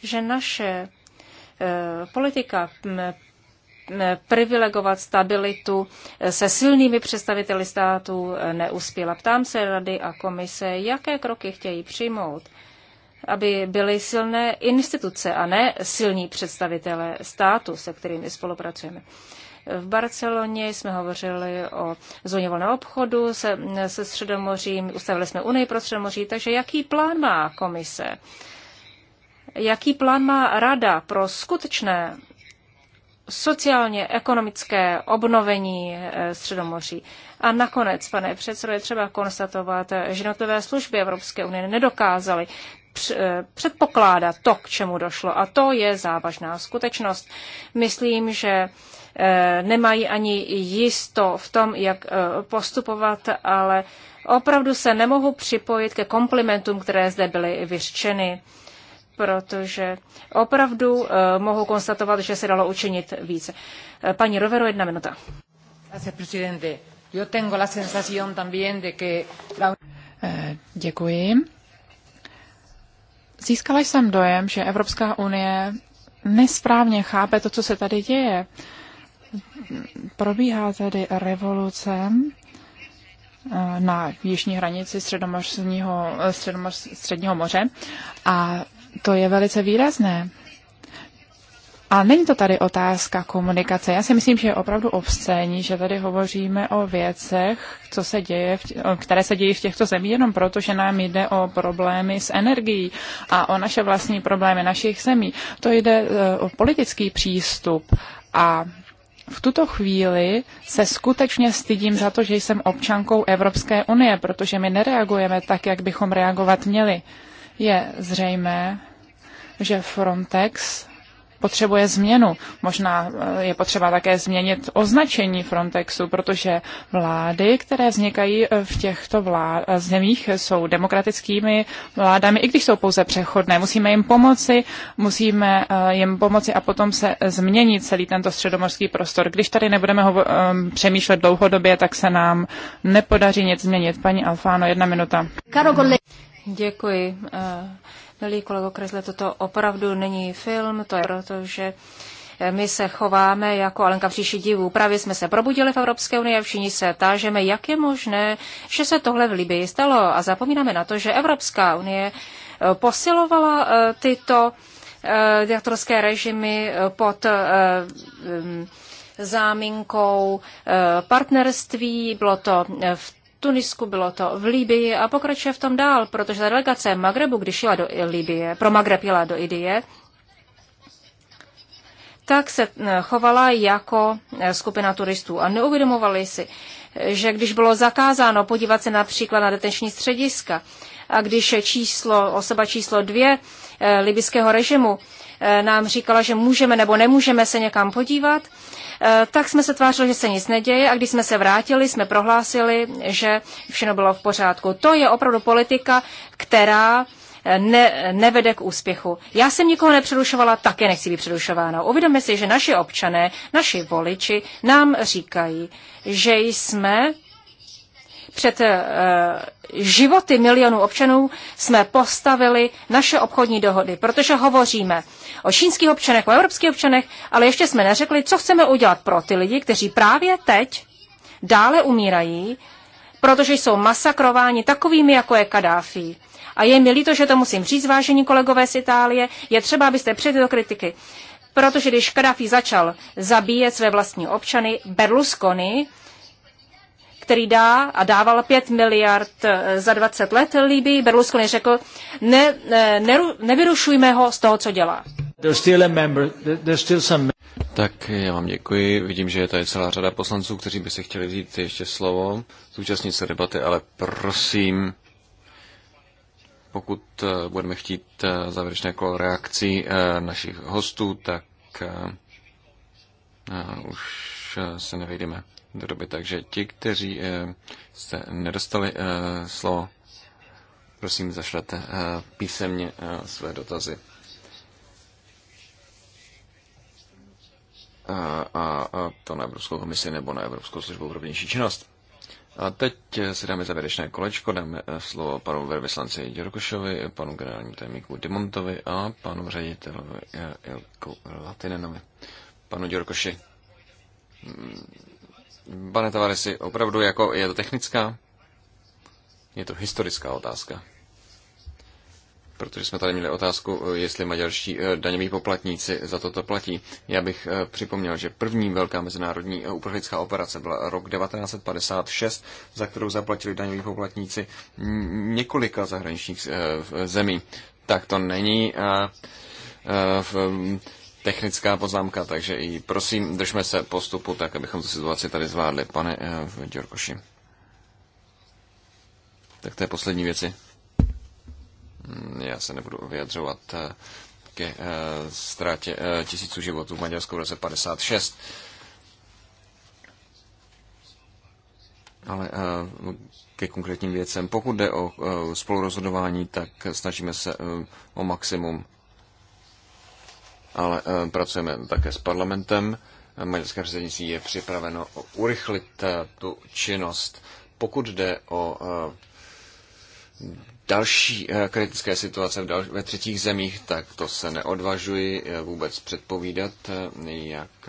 že naše eh, politika privilegovat stabilitu eh, se silnými představiteli států eh, neuspěla. Ptám se Rady a komise, jaké kroky chtějí přijmout, aby byly silné instituce a ne silní představitelé státu, se kterými spolupracujeme. V Barceloně jsme hovořili o zóně volného obchodu se, se Středomořím, ustavili jsme Unii pro Středomoří, takže jaký plán má komise? Jaký plán má Rada pro skutečné sociálně-ekonomické obnovení eh, Středomoří? A nakonec, pane předsedo, je třeba konstatovat, eh, že notové služby Evropské unie nedokázaly eh, předpokládat to, k čemu došlo. A to je závažná skutečnost. Myslím, že nemají ani jisto v tom, jak postupovat, ale opravdu se nemohu připojit ke komplimentům, které zde byly vyřčeny protože opravdu eh, mohu konstatovat, že se dalo učinit více. Eh, paní Rovero, jedna minuta. Eh, děkuji. Získala jsem dojem, že Evropská unie nesprávně chápe to, co se tady děje. Probíhá tady revoluce na jižní hranici Středomořního, Středomoř, Středního moře a to je velice výrazné. A není to tady otázka komunikace. Já si myslím, že je opravdu obscénní, že tady hovoříme o věcech, co se děje, které se dějí v těchto zemích, jenom proto, že nám jde o problémy s energií a o naše vlastní problémy našich zemí. To jde e, o politický přístup a v tuto chvíli se skutečně stydím za to, že jsem občankou Evropské unie, protože my nereagujeme tak, jak bychom reagovat měli je zřejmé, že Frontex potřebuje změnu. Možná eh, je potřeba také změnit označení Frontexu, protože vlády, které vznikají eh, v těchto vlád, eh, zemích, jsou demokratickými vládami, i když jsou pouze přechodné. Musíme jim pomoci, musíme jim pomoci a potom se změní celý tento středomorský prostor. Když tady nebudeme ho přemýšlet dlouhodobě, tak se nám nepodaří nic změnit. Paní Alfáno, jedna minuta. Karo, Děkuji. Eh, milý kolego Kresle, toto opravdu není film, to je proto, že eh, my se chováme jako Alenka v říši divů. Právě jsme se probudili v Evropské unii a všichni se tážeme, jak je možné, že se tohle v Libii stalo. A zapomínáme na to, že Evropská unie eh, posilovala tyto diktatorské režimy pod mm, záminkou partnerství. Bylo to v Tunisku, bylo to v Libii a pokračuje v tom dál, protože ta delegace Magrebu, když jela do Libie, pro Magreb jela do Idie, tak se eh, chovala jako eh, skupina turistů a neuvědomovali si, že když bylo zakázáno podívat se například na detenční střediska a když číslo, osoba číslo dvě eh, libyského režimu nám říkala, že můžeme nebo nemůžeme se někam podívat, Eh, tak jsme se tvářili, že se nic neděje a když jsme se vrátili, jsme prohlásili, že všechno bylo v pořádku. To je opravdu politika, která eh, ne, nevede k úspěchu. Já jsem nikoho nepřerušovala, také nechci být přerušována. Uvědomme si, že naši občané, naši voliči nám říkají, že jsme před eh, životy milionů občanů jsme postavili naše obchodní dohody, protože hovoříme o čínských občanech, o evropských občanech, ale ještě jsme neřekli, co chceme udělat pro ty lidi, kteří právě teď dále umírají, protože jsou masakrováni takovými, jako je Kadáfi. A je mi líto, že to musím říct, vážení kolegové z Itálie, je třeba, abyste přijeli do kritiky. Protože když Kadáfi začal zabíjet své vlastní občany, Berlusconi který dá a dával 5 miliard eh, za 20 let Líbii, Berlusconi řekl, ne, eh, ne, nevyrušujme ho z toho, co dělá. Tak já vám děkuji. Vidím, že je tady celá řada poslanců, kteří by se chtěli vzít ještě slovo, zúčastnit se debaty, ale prosím, pokud eh, budeme chtít závěrečné kolo reakcí našich hostů, tak už se nevejdeme do doby. Takže ti, kteří eh, se nedostali eh, slovo, prosím zašlete eh, písemně své dotazy. A, a, a to na Evropskou komisi nebo na Evropskou službu pro vnější činnost. A teď si dáme závěrečné kolečko, dáme slovo panu velvyslanci Děrkošovi, panu generálnímu tajemníku Dimontovi a panu ředitelovi Ilku Latinenovi. Panu Děrkoši, mm, Pane Tavaresi, opravdu jako, je to technická? Je to historická otázka. Protože jsme tady měli otázku, jestli maďarští eh, daňoví poplatníci za toto platí. Já bych eh, připomněl, že první velká mezinárodní eh, uprchlická operace byla rok 1956, za kterou zaplatili daňoví poplatníci několika zahraničních zemí. Tak to není v technická poznámka, takže i prosím, držme se postupu tak, abychom tu situaci tady zvládli. Pane uh, eh, Děrkoši. Tak to je poslední věci. Hmm, já se nebudu vyjadřovat eh, ke eh, ztrátě tisíců životů v Maďarsku v roce 56. Ale ke konkrétním věcem. Pokud jde o spolurozhodování, tak snažíme se o maximum ale eh, pracujeme také s parlamentem. Maďarské předsednictví je připraveno urychlit eh, tu činnost. Pokud jde o eh, další kritické situace ve třetích zemích, tak to se neodvažuji vůbec předpovídat, jak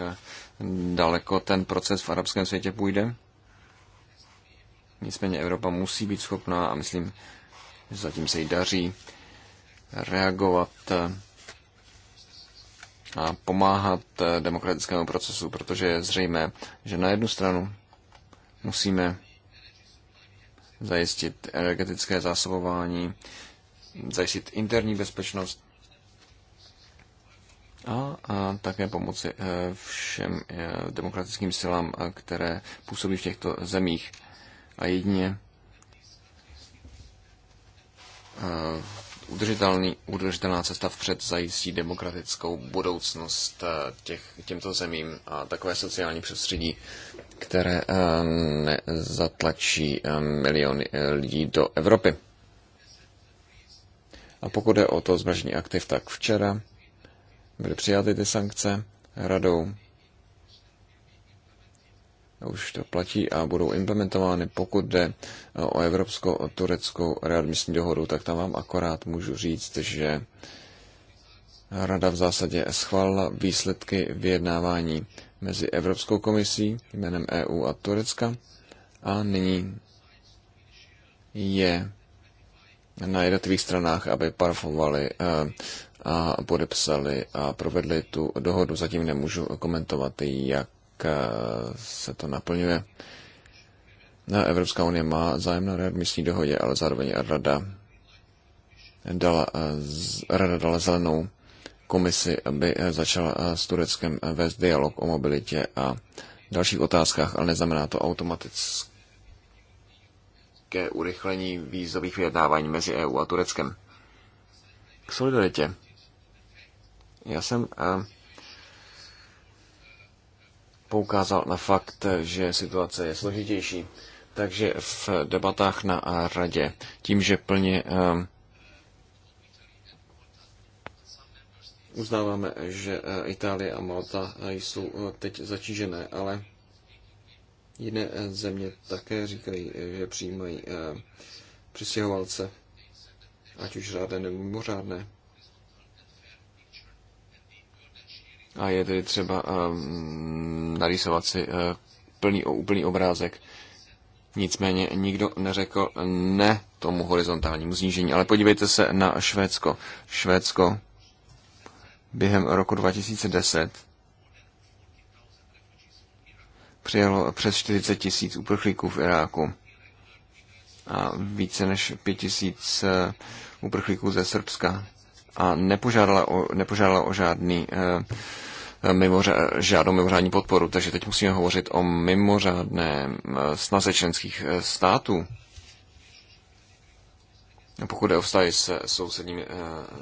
daleko ten proces v arabském světě půjde. Nicméně Evropa musí být schopná a myslím, že zatím se jí daří reagovat a pomáhat eh, demokratickému procesu, protože je zřejmé, že na jednu stranu musíme zajistit energetické zásobování, zajistit interní bezpečnost a, a také pomoci eh, všem eh, demokratickým silám, které působí v těchto zemích. A jedině Udržitelný, udržitelná cesta vpřed zajistí demokratickou budoucnost eh, těch, těmto zemím a takové sociální prostředí, které eh, nezatlačí eh, miliony lidí do Evropy. A pokud je o to zbražení aktiv, tak včera byly přijaty ty sankce radou už to platí a budou implementovány. Pokud jde eh, o evropsko-tureckou readmisní dohodu, tak tam vám akorát můžu říct, že Rada v zásadě schválila výsledky vyjednávání mezi Evropskou komisí jménem EU a Turecka a nyní je na jednotlivých stranách, aby parfovali eh, a podepsali a provedli tu dohodu. Zatím nemůžu komentovat, jak Eh, se to naplňuje. No, Evropská unie má zájem na readmisní dohodě, ale zároveň rada dala, eh, rada dala zelenou komisi, aby eh, začala s Tureckem vést dialog o mobilitě a dalších otázkách, ale neznamená to automatické urychlení vízových vyjednávání mezi EU a Tureckem. K solidaritě. Já jsem poukázal na fakt, že situace je složitější. Takže v debatách na radě, tím, že plně ehm, uznáváme, že eh, Itálie a Malta eh, jsou eh, teď zatížené, ale jiné země také říkají, že přijímají přistěhovalce, ať už řádné nebo mimořádné. A je tedy třeba ehm, narýsovat si eh, plný, úplný obrázek. Nicméně nikdo neřekl ne tomu horizontálnímu znížení. Ale podívejte se na Švédsko. Švédsko během roku 2010 přijalo přes 40 tisíc uprchlíků v Iráku a více než 5 tisíc eh, uprchlíků ze Srbska a nepožádala o, nepožádala o žádný eh, eh, mimoře, žádnou mimořádní podporu. Takže teď musíme hovořit o mimořádné eh, snaze členských států. Pokud je o vztahy s sousedními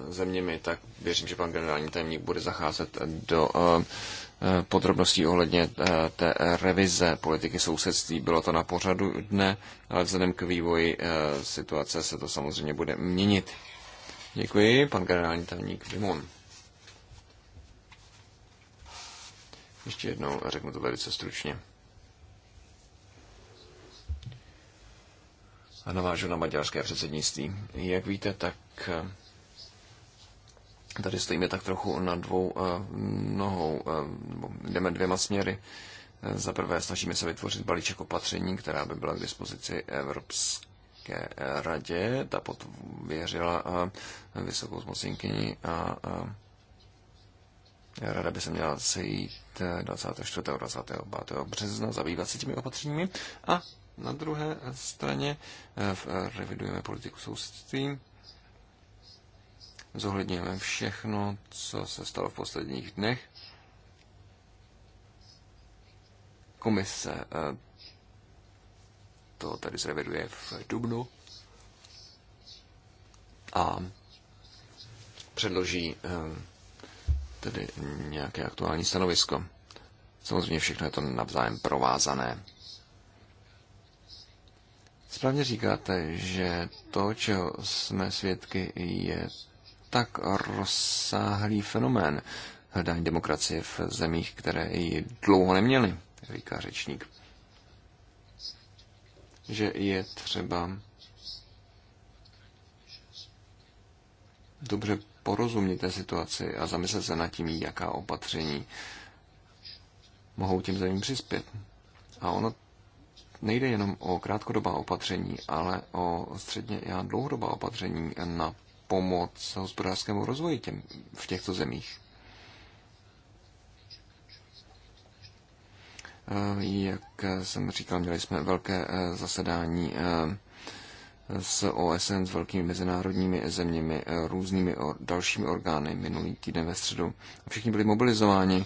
zeměmi, tak věřím, že pan generální tajemník bude zacházet do podrobností ohledně té revize politiky sousedství. Bylo to na pořadu dne, ale vzhledem k vývoji situace se to samozřejmě bude měnit. Děkuji, pan generální tajemník Vimon. Ještě jednou řeknu to velice stručně. A navážu na maďarské předsednictví. Jak víte, tak eh, tady stojíme tak trochu na dvou eh, nohou, eh, nebo jdeme dvěma směry. Za prvé snažíme se vytvořit balíček opatření, která by byla k dispozici Evropské Evropské eh, radě. Ta podvěřila eh, vysokou zmocněnkyni a eh, Rada by se měla sejít 24. a 25. března, zabývat se těmi opatřeními. A na druhé straně revidujeme politiku sousedství, zohledňujeme všechno, co se stalo v posledních dnech. Komise to tady zreveduje v Dubnu a předloží eh, tedy nějaké aktuální stanovisko. Samozřejmě všechno je to navzájem provázané. Správně říkáte, že to, čeho jsme svědky, je tak rozsáhlý fenomén hledání demokracie v zemích, které ji dlouho neměly, říká řečník že je třeba dobře porozumět té situaci a zamyslet se nad tím, jaká opatření mohou těm zemím přispět. A ono nejde jenom o krátkodobá opatření, ale o středně a dlouhodobá opatření na pomoc hospodářskému rozvoji těm, v těchto zemích. Jak jsem říkal, měli jsme velké eh, zasedání eh, s OSN, s velkými mezinárodními zeměmi, eh, různými dalšími orgány minulý týden ve středu. Všichni byli mobilizováni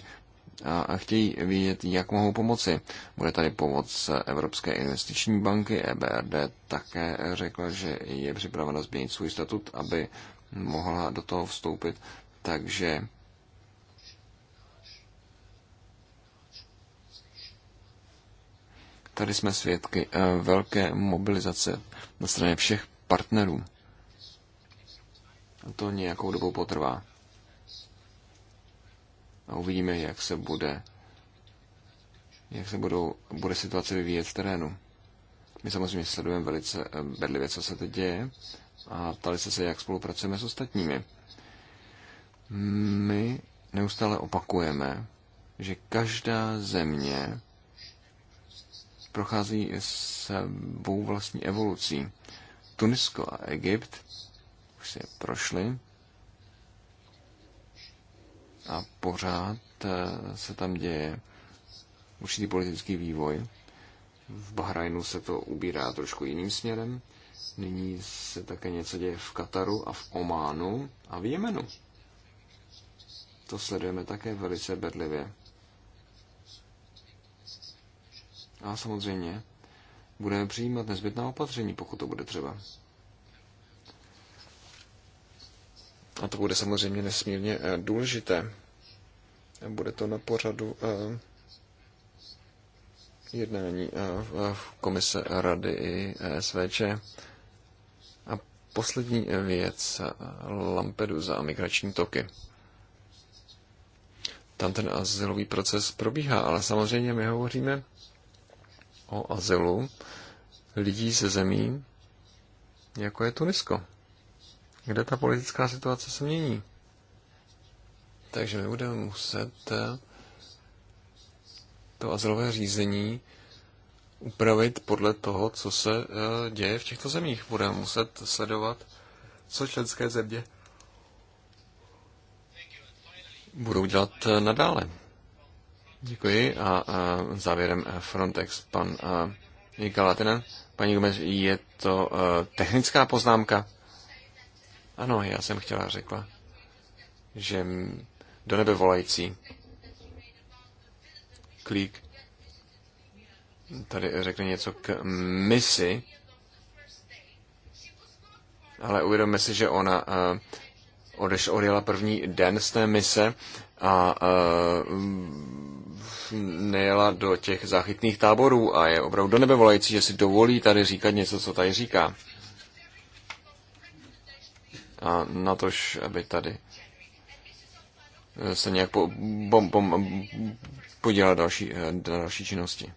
a chtějí vědět, jak mohou pomoci. Bude tady pomoc Evropské investiční banky. EBRD také řekla, že je připravena změnit svůj statut, aby mohla do toho vstoupit. Takže Tady jsme svědky eh, velké mobilizace na straně všech partnerů. To nějakou dobu potrvá. A uvidíme, jak se bude jak se budou, bude situace vyvíjet v terénu. My samozřejmě sledujeme velice eh, bedlivě, co se teď děje a ptali se se, jak spolupracujeme s ostatními. My neustále opakujeme, že každá země prochází sebou vlastní evolucí. Tunisko a Egypt už se prošly prošli a pořád eh, se tam děje určitý politický vývoj. V Bahrajnu se to ubírá trošku jiným směrem. Nyní se také něco děje v Kataru a v Ománu a v Jemenu. To sledujeme také velice bedlivě. A samozřejmě budeme přijímat nezbytná opatření, pokud to bude třeba. A to bude samozřejmě nesmírně eh, důležité. Bude to na pořadu eh, jednání eh, v komise rady i SVČ. A poslední věc, Lampedusa a migrační toky. Tam ten azylový proces probíhá, ale samozřejmě my hovoříme o azylu lidí ze zemí, jako je Tunisko, kde ta politická situace se mění. Takže my budeme muset eh, to azylové řízení upravit podle toho, co se eh, děje v těchto zemích. Budeme muset sledovat, co členské země budou dělat eh, nadále. Děkuji a, a závěrem eh, Frontex, pan eh, Latinen. Paní Gomez, je to eh, technická poznámka? Ano, já jsem chtěla řekla, že do nebe volající klík tady řekne něco k misi, ale uvědomme si, že ona uh, odeš, odjela první den z té mise a nejela do těch záchytných táborů a je opravdu do nebe volající, že si dovolí tady říkat něco, co tady říká. A natož, aby tady se nějak po, bom, bom, podílela další, eh, další činnosti.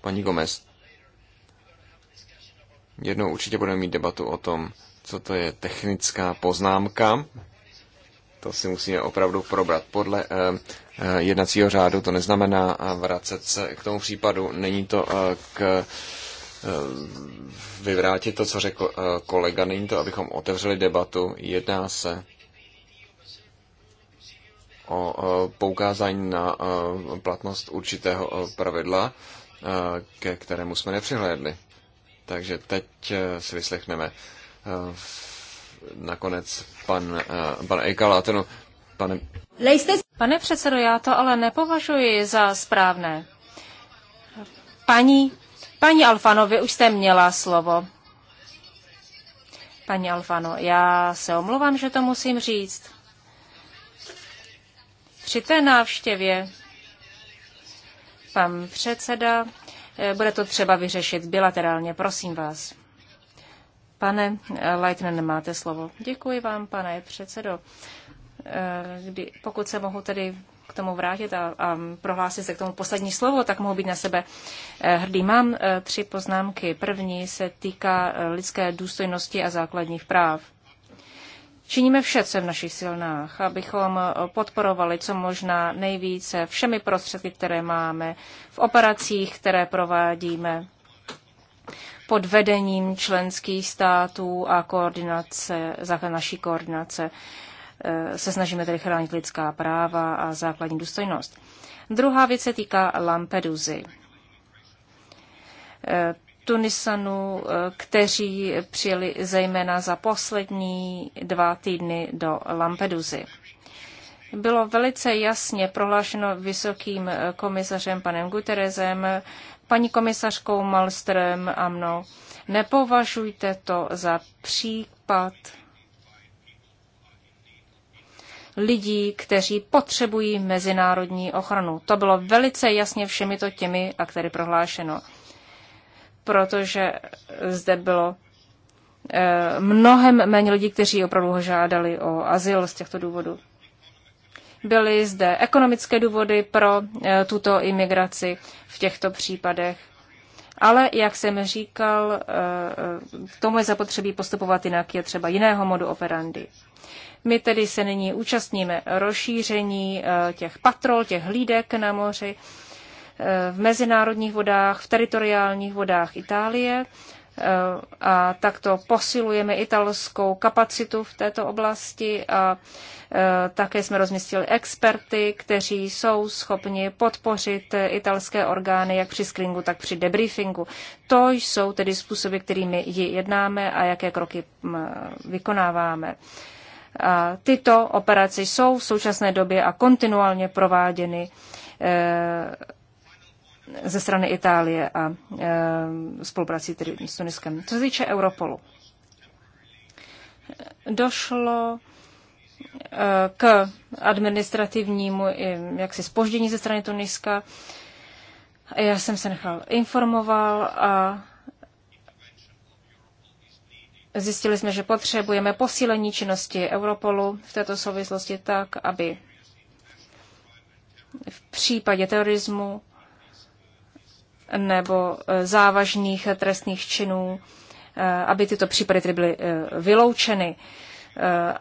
Paní Gomez, jednou určitě budeme mít debatu o tom, co to je technická poznámka, to si musíme opravdu probrat. Podle eh, eh, jednacího řádu to neznamená eh, vracet se k tomu případu. Není to k vyvrátit to, co řekl kolega. Není to, abychom otevřeli debatu. Jedná se o poukázání na platnost určitého pravidla, ke kterému jsme nepřihlédli. Takže teď si vyslechneme nakonec pan, eh, pan Ekalátor. Pane... Pane předsedo, já to ale nepovažuji za správné. Paní, paní Alfano, vy už jste měla slovo. Paní Alfano, já se omlouvám, že to musím říct. Při té návštěvě pan předseda, eh, bude to třeba vyřešit bilaterálně, prosím vás. Pane Leitner, nemáte slovo. Děkuji vám, pane předsedo. Eh, kdy, pokud se mohu tedy k tomu vrátit a, a prohlásit se k tomu poslední slovo, tak mohu být na sebe eh, hrdý. Mám eh, tři poznámky. První se týká lidské důstojnosti a základních práv. Činíme vše, co je v našich silnách, abychom podporovali co možná nejvíce všemi prostředky, které máme v operacích, které provádíme pod vedením členských států a koordinace, základ naší koordinace eh, se snažíme tedy chránit lidská práva a základní důstojnost. Druhá věc se týká Lampedusy. Eh, Tunisanů, eh, kteří přijeli zejména za poslední dva týdny do Lampedusy. Bylo velice jasně prohlášeno vysokým komisařem panem Guterezem paní komisařkou Malström a mnou. Nepovažujte to za případ lidí, kteří potřebují mezinárodní ochranu. To bylo velice jasně všemi to těmi a aktéry prohlášeno, protože zde bylo eh, mnohem méně lidí, kteří opravdu ho žádali o azyl z těchto důvodů. Byly zde ekonomické důvody pro e, tuto imigraci v těchto případech. Ale, jak jsem říkal, e, e, k tomu je zapotřebí postupovat jinak, je třeba jiného modu operandy. My tedy se nyní účastníme rozšíření těch patrol, těch hlídek na moři, v mezinárodních vodách, v teritoriálních vodách Itálie Eh, a takto posilujeme italskou kapacitu v této oblasti a eh, také jsme rozmístili experty, kteří jsou schopni podpořit italské orgány jak při screeningu, tak při debriefingu. To jsou tedy způsoby, kterými ji jednáme a jaké kroky mm, vykonáváme. A tyto operace jsou v současné době a kontinuálně prováděny eh, ze strany Itálie a e, spolupráci tedy s Tuniskem. Co se týče Europolu, došlo e, k administrativnímu jaksi spoždění ze strany Tuniska. Já jsem se nechal informoval a zjistili jsme, že potřebujeme posílení činnosti Europolu v této souvislosti tak, aby v případě terorismu nebo eh, závažných eh, trestných činů, eh, aby tyto případy tedy byly vyloučeny.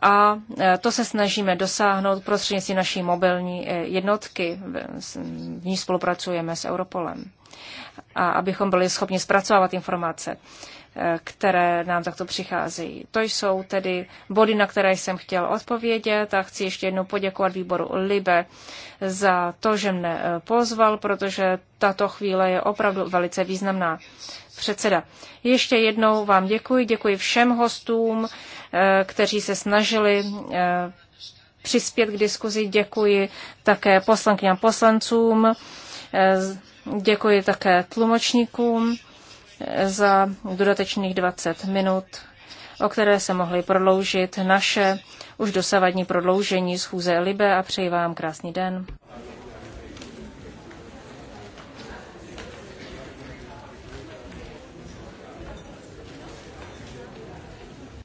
A to se snažíme dosáhnout prostřednictvím naší mobilní jednotky, v ní spolupracujeme s Europolem, a abychom byli schopni zpracovávat informace. Eh, které nám takto přicházejí. To jsou tedy body, na které jsem chtěl odpovědět a chci ještě jednou poděkovat výboru Libe za to, že mne eh, pozval, protože tato chvíle je opravdu velice významná. Předseda, ještě jednou vám děkuji, děkuji všem hostům, eh, kteří se snažili přispět k diskuzi, děkuji také poslankyňám poslancům, děkuji také tlumočníkům za dodatečných 20 minut, o které se mohly prodloužit naše už dosavadní prodloužení schůze Libe a přeji vám krásný den.